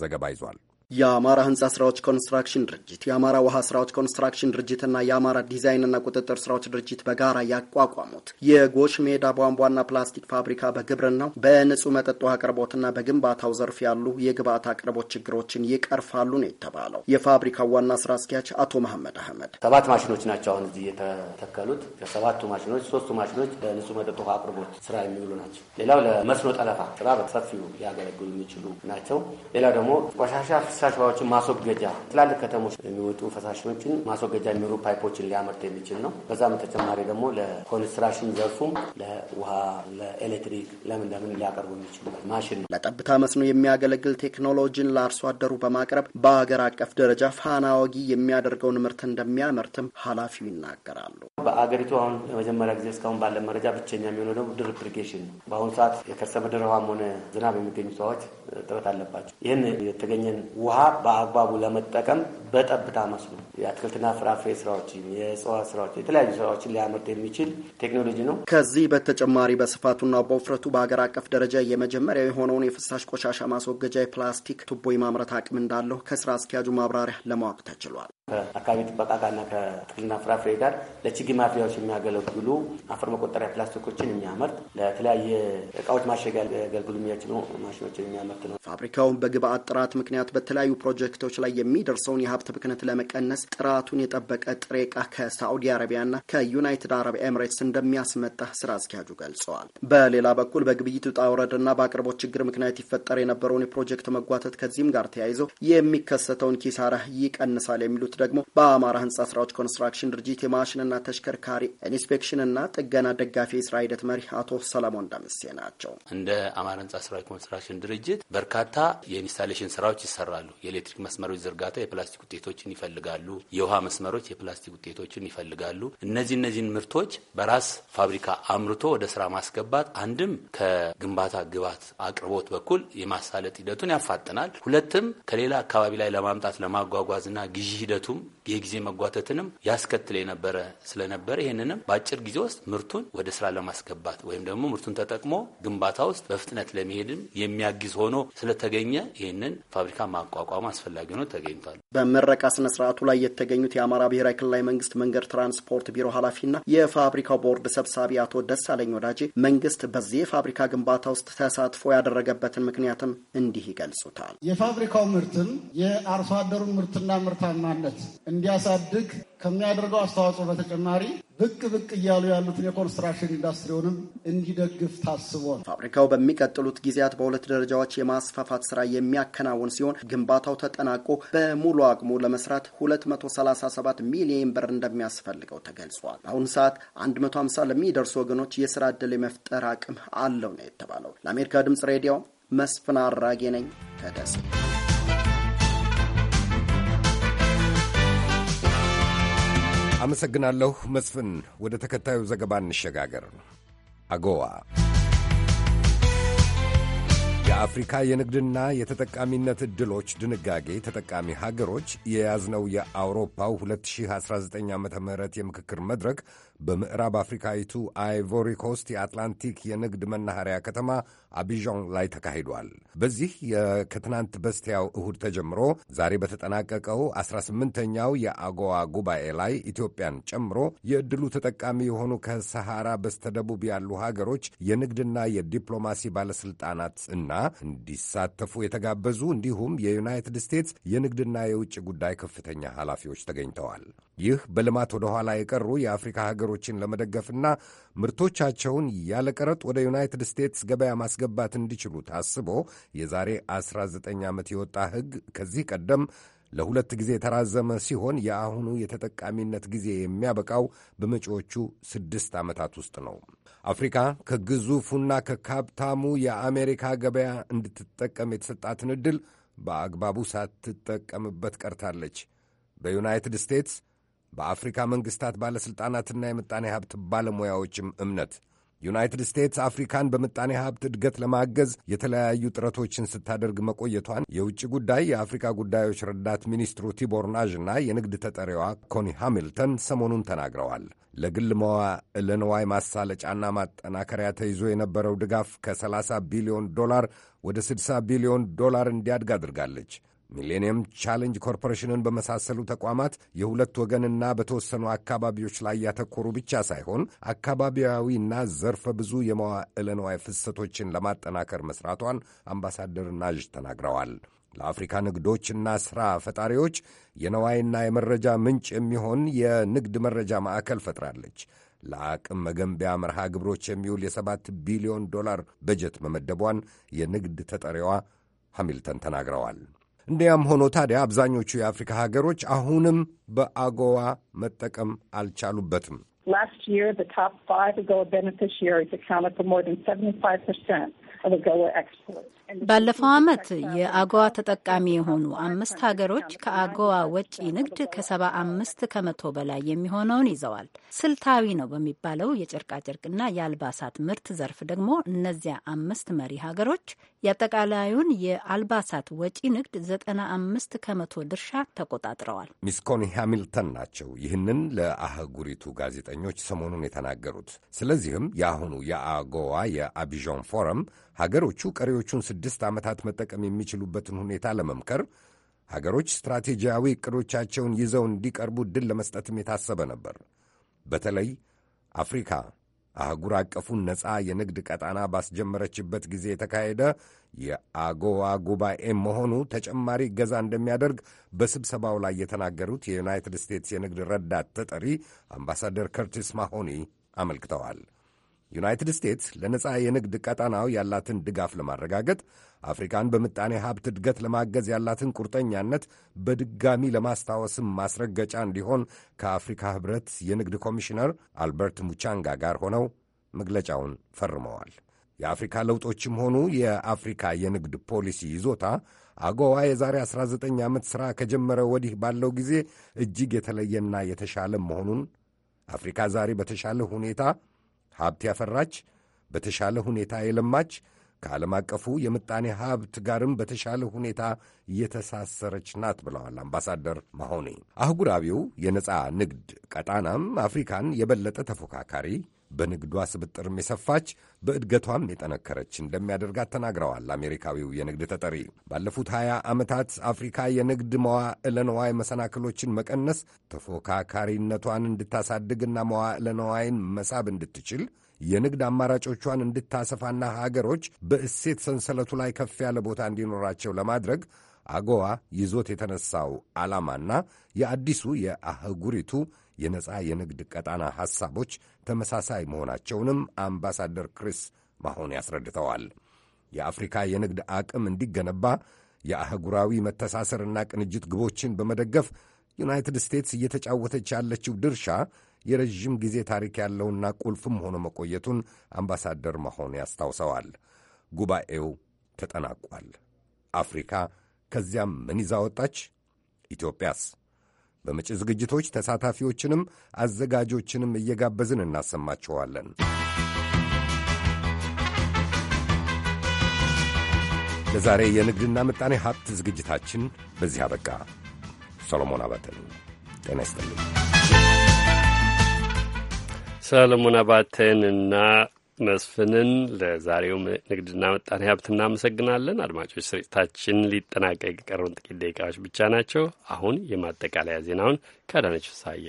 ዘገባ ይዟል። የአማራ ህንፃ ስራዎች ኮንስትራክሽን ድርጅት፣ የአማራ ውሃ ስራዎች ኮንስትራክሽን ድርጅትና የአማራ ዲዛይንና ቁጥጥር ስራዎች ድርጅት በጋራ ያቋቋሙት የጎሽ ሜዳ ቧንቧና ፕላስቲክ ፋብሪካ በግብርናው በንጹህ መጠጥ ውሃ አቅርቦትና በግንባታው ዘርፍ ያሉ የግብአት አቅርቦት ችግሮችን ይቀርፋሉ ነው የተባለው። የፋብሪካው ዋና ስራ አስኪያጅ አቶ መሐመድ አህመድ ሰባት ማሽኖች ናቸው አሁን እዚህ የተተከሉት። ከሰባቱ ማሽኖች ሶስቱ ማሽኖች ለንጹህ መጠጥ ውሃ አቅርቦት ስራ የሚውሉ ናቸው። ሌላው ለመስኖ ጠለፋ ስራ በሰፊው ሊያገለግሉ የሚችሉ ናቸው። ሌላው ደግሞ ቆሻሻ የፍሳሽ ውሃዎችን ማስወገጃ ትላልቅ ከተሞች የሚወጡ ፈሳሾችን ማስወገጃ የሚሩ ፓይፖችን ሊያመርት የሚችል ነው። በዛም ተጨማሪ ደግሞ ለኮንስትራክሽን ዘርፉም ለውሃ፣ ለኤሌክትሪክ ለምን ለምን ሊያቀርቡ የሚችል ማሽን ነው። ለጠብታ መስኖ የሚያገለግል ቴክኖሎጂን ለአርሶ አደሩ በማቅረብ በሀገር አቀፍ ደረጃ ፋና ወጊ የሚያደርገውን ምርት እንደሚያመርትም ኃላፊው ይናገራሉ። በአገሪቱ አሁን ለመጀመሪያ ጊዜ እስካሁን ባለ መረጃ ብቸኛ የሚሆነው ደግሞ ድሪፕ ነው። በአሁኑ ሰዓት የከርሰ ምድር ውሃም ሆነ ዝናብ የሚገኙ ሰዎች እጥረት አለባቸው። ይህን የተገኘን ውሃ በአግባቡ ለመጠቀም በጠብታ መስኖ የአትክልትና ፍራፍሬ ስራዎችን፣ የእጽዋት ስራዎች፣ የተለያዩ ስራዎችን ሊያመርት የሚችል ቴክኖሎጂ ነው። ከዚህ በተጨማሪ በስፋቱና በውፍረቱ በሀገር አቀፍ ደረጃ የመጀመሪያ የሆነውን የፍሳሽ ቆሻሻ ማስወገጃ የፕላስቲክ ቱቦ የማምረት አቅም እንዳለው ከስራ አስኪያጁ ማብራሪያ ለማወቅ ተችሏል። ከአካባቢ ጥበቃ ጋርና ከአትክልትና ፍራፍሬ ጋር ለችግኝ ማፍያዎች የሚያገለግሉ አፈር መቆጠሪያ ፕላስቲኮችን የሚያመርት ለተለያየ እቃዎች ማሸጊያ ሊያገለግሉ የሚያችሉ ማሽኖችን የሚያመርት ነው። ፋብሪካውን በግብአት ጥራት ምክንያት በተለያዩ ፕሮጀክቶች ላይ የሚደርሰውን የሀብት ብክነት ለመቀነስ ጥራቱን የጠበቀ ጥሬ እቃ ከሳዑዲ አረቢያና ከዩናይትድ አረብ ኤምሬትስ እንደሚያስመጣ ስራ አስኪያጁ ገልጸዋል። በሌላ በኩል በግብይት ውጣ ውረድና በአቅርቦት ችግር ምክንያት ይፈጠር የነበረውን የፕሮጀክት መጓተት ከዚህም ጋር ተያይዞ የሚከሰተውን ኪሳራ ይቀንሳል የሚሉት የሚገኙት ደግሞ በአማራ ህንፃ ስራዎች ኮንስትራክሽን ድርጅት የማሽንና ተሽከርካሪ ኢንስፔክሽንና ጥገና ደጋፊ የስራ ሂደት መሪ አቶ ሰለሞን ደምሴ ናቸው። እንደ አማራ ህንፃ ስራዎች ኮንስትራክሽን ድርጅት በርካታ የኢንስታሌሽን ስራዎች ይሰራሉ። የኤሌክትሪክ መስመሮች ዝርጋታ የፕላስቲክ ውጤቶችን ይፈልጋሉ። የውሃ መስመሮች የፕላስቲክ ውጤቶችን ይፈልጋሉ። እነዚህ እነዚህን ምርቶች በራስ ፋብሪካ አምርቶ ወደ ስራ ማስገባት አንድም ከግንባታ ግብዓት አቅርቦት በኩል የማሳለጥ ሂደቱን ያፋጥናል። ሁለትም ከሌላ አካባቢ ላይ ለማምጣት ለማጓጓዝና ግዢ ሂደቱ ሂደቱም የጊዜ መጓተትንም ያስከትል የነበረ ስለነበረ ይህንንም በአጭር ጊዜ ውስጥ ምርቱን ወደ ስራ ለማስገባት ወይም ደግሞ ምርቱን ተጠቅሞ ግንባታ ውስጥ በፍጥነት ለመሄድም የሚያግዝ ሆኖ ስለተገኘ ይህንን ፋብሪካ ማቋቋም አስፈላጊ ሆኖ ተገኝቷል። በምረቃ ስነ ስርዓቱ ላይ የተገኙት የአማራ ብሔራዊ ክልላዊ መንግስት መንገድ ትራንስፖርት ቢሮ ኃላፊና የፋብሪካው ቦርድ ሰብሳቢ አቶ ደሳለኝ ወዳጄ መንግስት በዚህ የፋብሪካ ግንባታ ውስጥ ተሳትፎ ያደረገበትን ምክንያትም እንዲህ ይገልጹታል። የፋብሪካው ምርትም የአርሶ አደሩን ምርትና ምርታማነት ተነሳሽነት እንዲያሳድግ ከሚያደርገው አስተዋጽኦ በተጨማሪ ብቅ ብቅ እያሉ ያሉትን የኮንስትራክሽን ኢንዱስትሪውንም እንዲደግፍ ታስቦ ነው። ፋብሪካው በሚቀጥሉት ጊዜያት በሁለት ደረጃዎች የማስፋፋት ስራ የሚያከናውን ሲሆን ግንባታው ተጠናቆ በሙሉ አቅሙ ለመስራት 237 ሚሊዮን ብር እንደሚያስፈልገው ተገልጿል። በአሁኑ ሰዓት 150 ለሚደርሱ ወገኖች የስራ ዕድል የመፍጠር አቅም አለው ነው የተባለው። ለአሜሪካ ድምጽ ሬዲዮ መስፍን አራጌ ነኝ ከደሴ። አመሰግናለሁ መስፍን። ወደ ተከታዩ ዘገባ እንሸጋገር። አጎዋ የአፍሪካ የንግድና የተጠቃሚነት ዕድሎች ድንጋጌ ተጠቃሚ ሀገሮች የያዝነው የአውሮፓው 2019 ዓ ም የምክክር መድረክ በምዕራብ አፍሪካዊቱ አይቮሪኮስት ኮስት የአትላንቲክ የንግድ መናኸሪያ ከተማ አቢዣን ላይ ተካሂዷል። በዚህ ከትናንት በስቲያው እሁድ ተጀምሮ ዛሬ በተጠናቀቀው 18ኛው የአጎዋ ጉባኤ ላይ ኢትዮጵያን ጨምሮ የዕድሉ ተጠቃሚ የሆኑ ከሰሃራ በስተደቡብ ያሉ ሀገሮች የንግድና የዲፕሎማሲ ባለሥልጣናት እና እንዲሳተፉ የተጋበዙ እንዲሁም የዩናይትድ ስቴትስ የንግድና የውጭ ጉዳይ ከፍተኛ ኃላፊዎች ተገኝተዋል። ይህ በልማት ወደ ኋላ የቀሩ የአፍሪካ ሀገሮችን ለመደገፍና ምርቶቻቸውን ያለቀረጥ ወደ ዩናይትድ ስቴትስ ገበያ ማስገባት እንዲችሉ ታስቦ የዛሬ 19 ዓመት የወጣ ሕግ ከዚህ ቀደም ለሁለት ጊዜ የተራዘመ ሲሆን የአሁኑ የተጠቃሚነት ጊዜ የሚያበቃው በመጪዎቹ ስድስት ዓመታት ውስጥ ነው። አፍሪካ ከግዙፉና ከካብታሙ የአሜሪካ ገበያ እንድትጠቀም የተሰጣትን ዕድል በአግባቡ ሳትጠቀምበት ቀርታለች። በዩናይትድ ስቴትስ በአፍሪካ መንግሥታት ባለሥልጣናትና የምጣኔ ሀብት ባለሙያዎችም እምነት ዩናይትድ ስቴትስ አፍሪካን በምጣኔ ሀብት እድገት ለማገዝ የተለያዩ ጥረቶችን ስታደርግ መቆየቷን የውጭ ጉዳይ የአፍሪካ ጉዳዮች ረዳት ሚኒስትሩ ቲቦር ናዥ እና የንግድ ተጠሪዋ ኮኒ ሃሚልተን ሰሞኑን ተናግረዋል። ለግል መዋዕለ ንዋይ ማሳለጫና ማጠናከሪያ ተይዞ የነበረው ድጋፍ ከ30 ቢሊዮን ዶላር ወደ 60 ቢሊዮን ዶላር እንዲያድግ አድርጋለች። ሚሌኒየም ቻሌንጅ ኮርፖሬሽንን በመሳሰሉ ተቋማት የሁለት ወገንና በተወሰኑ አካባቢዎች ላይ ያተኮሩ ብቻ ሳይሆን አካባቢያዊና ዘርፈ ብዙ የመዋዕለ ንዋይ ፍሰቶችን ለማጠናከር መስራቷን አምባሳደር ናዥ ተናግረዋል። ለአፍሪካ ንግዶችና ሥራ ፈጣሪዎች የነዋይና የመረጃ ምንጭ የሚሆን የንግድ መረጃ ማዕከል ፈጥራለች። ለአቅም መገንቢያ መርሃ ግብሮች የሚውል የሰባት ቢሊዮን ዶላር በጀት መመደቧን የንግድ ተጠሪዋ ሐሚልተን ተናግረዋል። እንዲያም ሆኖ ታዲያ አብዛኞቹ የአፍሪካ ሀገሮች አሁንም በአጎዋ መጠቀም አልቻሉበትም። ባለፈው ዓመት የአጎዋ ተጠቃሚ የሆኑ አምስት ሀገሮች ከአጎዋ ወጪ ንግድ ከሰባ አምስት ከመቶ በላይ የሚሆነውን ይዘዋል። ስልታዊ ነው በሚባለው የጨርቃጨርቅና የአልባሳት ምርት ዘርፍ ደግሞ እነዚያ አምስት መሪ ሀገሮች የአጠቃላዩን የአልባሳት ወጪ ንግድ 95 ከመቶ ድርሻ ተቆጣጥረዋል። ሚስኮኒ ሃሚልተን ናቸው ይህንን ለአህጉሪቱ ጋዜጠኞች ሰሞኑን የተናገሩት። ስለዚህም የአሁኑ የአጎዋ የአቢዣን ፎረም ሀገሮቹ ቀሪዎቹን ስድስት ዓመታት መጠቀም የሚችሉበትን ሁኔታ ለመምከር ሀገሮች ስትራቴጂያዊ እቅዶቻቸውን ይዘው እንዲቀርቡ ድል ለመስጠትም የታሰበ ነበር። በተለይ አፍሪካ አህጉር አቀፉን ነፃ የንግድ ቀጣና ባስጀመረችበት ጊዜ የተካሄደ የአጎዋ ጉባኤ መሆኑ ተጨማሪ እገዛ እንደሚያደርግ በስብሰባው ላይ የተናገሩት የዩናይትድ ስቴትስ የንግድ ረዳት ተጠሪ አምባሳደር ከርቲስ ማሆኒ አመልክተዋል። ዩናይትድ ስቴትስ ለነፃ የንግድ ቀጣናው ያላትን ድጋፍ ለማረጋገጥ አፍሪካን በምጣኔ ሀብት እድገት ለማገዝ ያላትን ቁርጠኛነት በድጋሚ ለማስታወስም ማስረገጫ እንዲሆን ከአፍሪካ ህብረት የንግድ ኮሚሽነር አልበርት ሙቻንጋ ጋር ሆነው መግለጫውን ፈርመዋል። የአፍሪካ ለውጦችም ሆኑ የአፍሪካ የንግድ ፖሊሲ ይዞታ አጎዋ የዛሬ 19 ዓመት ሥራ ከጀመረ ወዲህ ባለው ጊዜ እጅግ የተለየና የተሻለ መሆኑን አፍሪካ ዛሬ በተሻለ ሁኔታ ሀብት ያፈራች፣ በተሻለ ሁኔታ የለማች፣ ከዓለም አቀፉ የምጣኔ ሀብት ጋርም በተሻለ ሁኔታ እየተሳሰረች ናት ብለዋል አምባሳደር ማሆኔ። አህጉራዊው የነፃ ንግድ ቀጣናም አፍሪካን የበለጠ ተፎካካሪ በንግዷ ስብጥርም የሰፋች በእድገቷም የጠነከረች እንደሚያደርጋት ተናግረዋል። አሜሪካዊው የንግድ ተጠሪ ባለፉት 20 ዓመታት አፍሪካ የንግድ መዋዕለ ነዋይ መሰናክሎችን መቀነስ፣ ተፎካካሪነቷን እንድታሳድግና መዋዕለ ነዋይን መሳብ እንድትችል የንግድ አማራጮቿን እንድታሰፋና ሀገሮች በእሴት ሰንሰለቱ ላይ ከፍ ያለ ቦታ እንዲኖራቸው ለማድረግ አጎዋ ይዞት የተነሳው ዓላማና የአዲሱ የአህጉሪቱ የነፃ የንግድ ቀጣና ሐሳቦች ተመሳሳይ መሆናቸውንም አምባሳደር ክሪስ ማሆን ያስረድተዋል። የአፍሪካ የንግድ አቅም እንዲገነባ የአህጉራዊ መተሳሰርና ቅንጅት ግቦችን በመደገፍ ዩናይትድ ስቴትስ እየተጫወተች ያለችው ድርሻ የረዥም ጊዜ ታሪክ ያለውና ቁልፍም ሆኖ መቆየቱን አምባሳደር ማሆን ያስታውሰዋል። ጉባኤው ተጠናቋል። አፍሪካ ከዚያም ምን ይዛ ወጣች? ኢትዮጵያስ በመጪ ዝግጅቶች ተሳታፊዎችንም አዘጋጆችንም እየጋበዝን እናሰማችኋለን። ለዛሬ የንግድና ምጣኔ ሀብት ዝግጅታችን በዚህ አበቃ። ሰሎሞን አባተ ነው። ጤና ይስጥልኝ። ሰሎሞን እና መስፍንን ለዛሬው ንግድና ምጣኔ ሀብት እናመሰግናለን። አድማጮች ስርጭታችን ሊጠናቀቅ የቀሩን ጥቂት ደቂቃዎች ብቻ ናቸው። አሁን የማጠቃለያ ዜናውን ከአዳነች ሳየ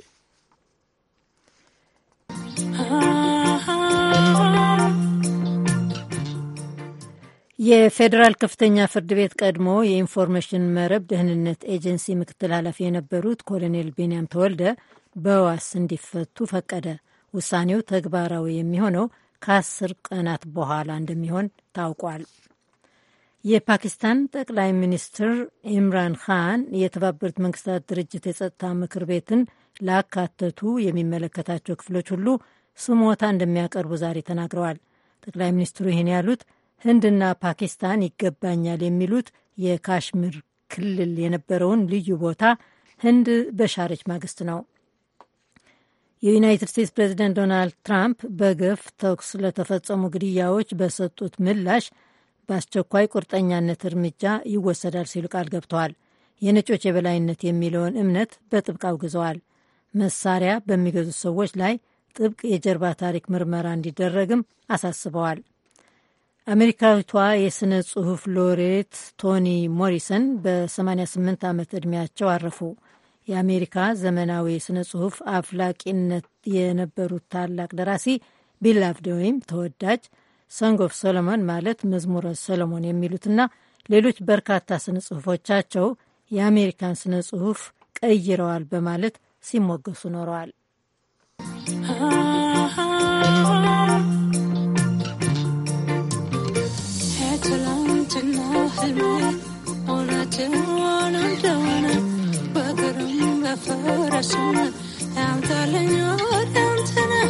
የፌዴራል ከፍተኛ ፍርድ ቤት ቀድሞ የኢንፎርሜሽን መረብ ደህንነት ኤጀንሲ ምክትል ኃላፊ የነበሩት ኮሎኔል ቤንያም ተወልደ በዋስ እንዲፈቱ ፈቀደ። ውሳኔው ተግባራዊ የሚሆነው ከአስር ቀናት በኋላ እንደሚሆን ታውቋል። የፓኪስታን ጠቅላይ ሚኒስትር ኢምራን ካን የተባበሩት መንግስታት ድርጅት የጸጥታ ምክር ቤትን ላካተቱ የሚመለከታቸው ክፍሎች ሁሉ ስሞታ እንደሚያቀርቡ ዛሬ ተናግረዋል። ጠቅላይ ሚኒስትሩ ይህን ያሉት ህንድና ፓኪስታን ይገባኛል የሚሉት የካሽሚር ክልል የነበረውን ልዩ ቦታ ህንድ በሻረች ማግስት ነው። የዩናይትድ ስቴትስ ፕሬዚደንት ዶናልድ ትራምፕ በገፍ ተኩስ ለተፈጸሙ ግድያዎች በሰጡት ምላሽ በአስቸኳይ ቁርጠኛነት እርምጃ ይወሰዳል ሲሉ ቃል ገብተዋል። የነጮች የበላይነት የሚለውን እምነት በጥብቅ አውግዘዋል። መሳሪያ በሚገዙት ሰዎች ላይ ጥብቅ የጀርባ ታሪክ ምርመራ እንዲደረግም አሳስበዋል። አሜሪካዊቷ የሥነ ጽሑፍ ሎሬት ቶኒ ሞሪሰን በ88 ዓመት ዕድሜያቸው አረፉ። የአሜሪካ ዘመናዊ ስነ ጽሁፍ አፍላቂነት የነበሩት ታላቅ ደራሲ ቢል ወይም ተወዳጅ ሰንግ ኦፍ ሶሎሞን ማለት መዝሙረ ሰሎሞን የሚሉትና ሌሎች በርካታ ስነ ጽሁፎቻቸው የአሜሪካን ስነ ጽሁፍ ቀይረዋል በማለት ሲሞገሱ ኖረዋል። Nafarasuna, I'm telling you, Dantana,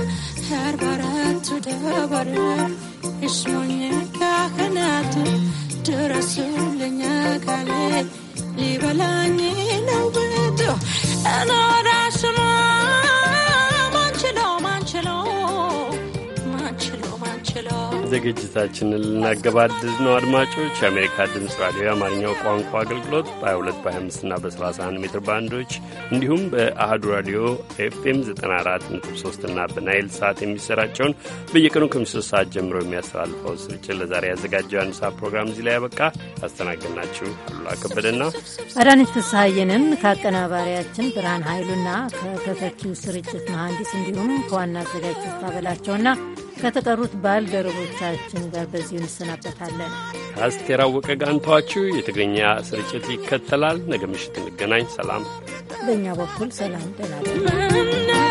Herbara to the Baran, Ishmonika Hanatu, Durasulina Kale, Libalani, no window, and all ዝግጅታችንን ልናገባድድ ነው። አድማጮች የአሜሪካ ድምፅ ራዲዮ የአማርኛው ቋንቋ አገልግሎት በ22 በ25ና በ31 ሜትር ባንዶች እንዲሁም በአህዱ ራዲዮ ኤፍኤም 94.3 እና በናይል ሰዓት የሚሰራጨውን በየቀኑ ከምሽቱ ሰዓት ጀምሮ የሚያስተላልፈው ስርጭት ለዛሬ ያዘጋጀው አንድ ሰዓት ፕሮግራም እዚህ ላይ ያበቃ። ያስተናገድናችሁ አሉላ ከበደና አዳነች ፍስሐየንም ከአቀናባሪያችን ብርሃን ኃይሉና ከተተኪው ስርጭት መሐንዲስ እንዲሁም ከዋና አዘጋጅ ታበላቸውና ከተቀሩት ባልደረቦቻችን ጋር በዚሁ እንሰናበታለን። ከአስቴር አወቀ ጋር እንተዋችሁ። የትግርኛ ስርጭት ይከተላል። ነገ ምሽት እንገናኝ። ሰላም፣ በእኛ በኩል ሰላም፣ ደህና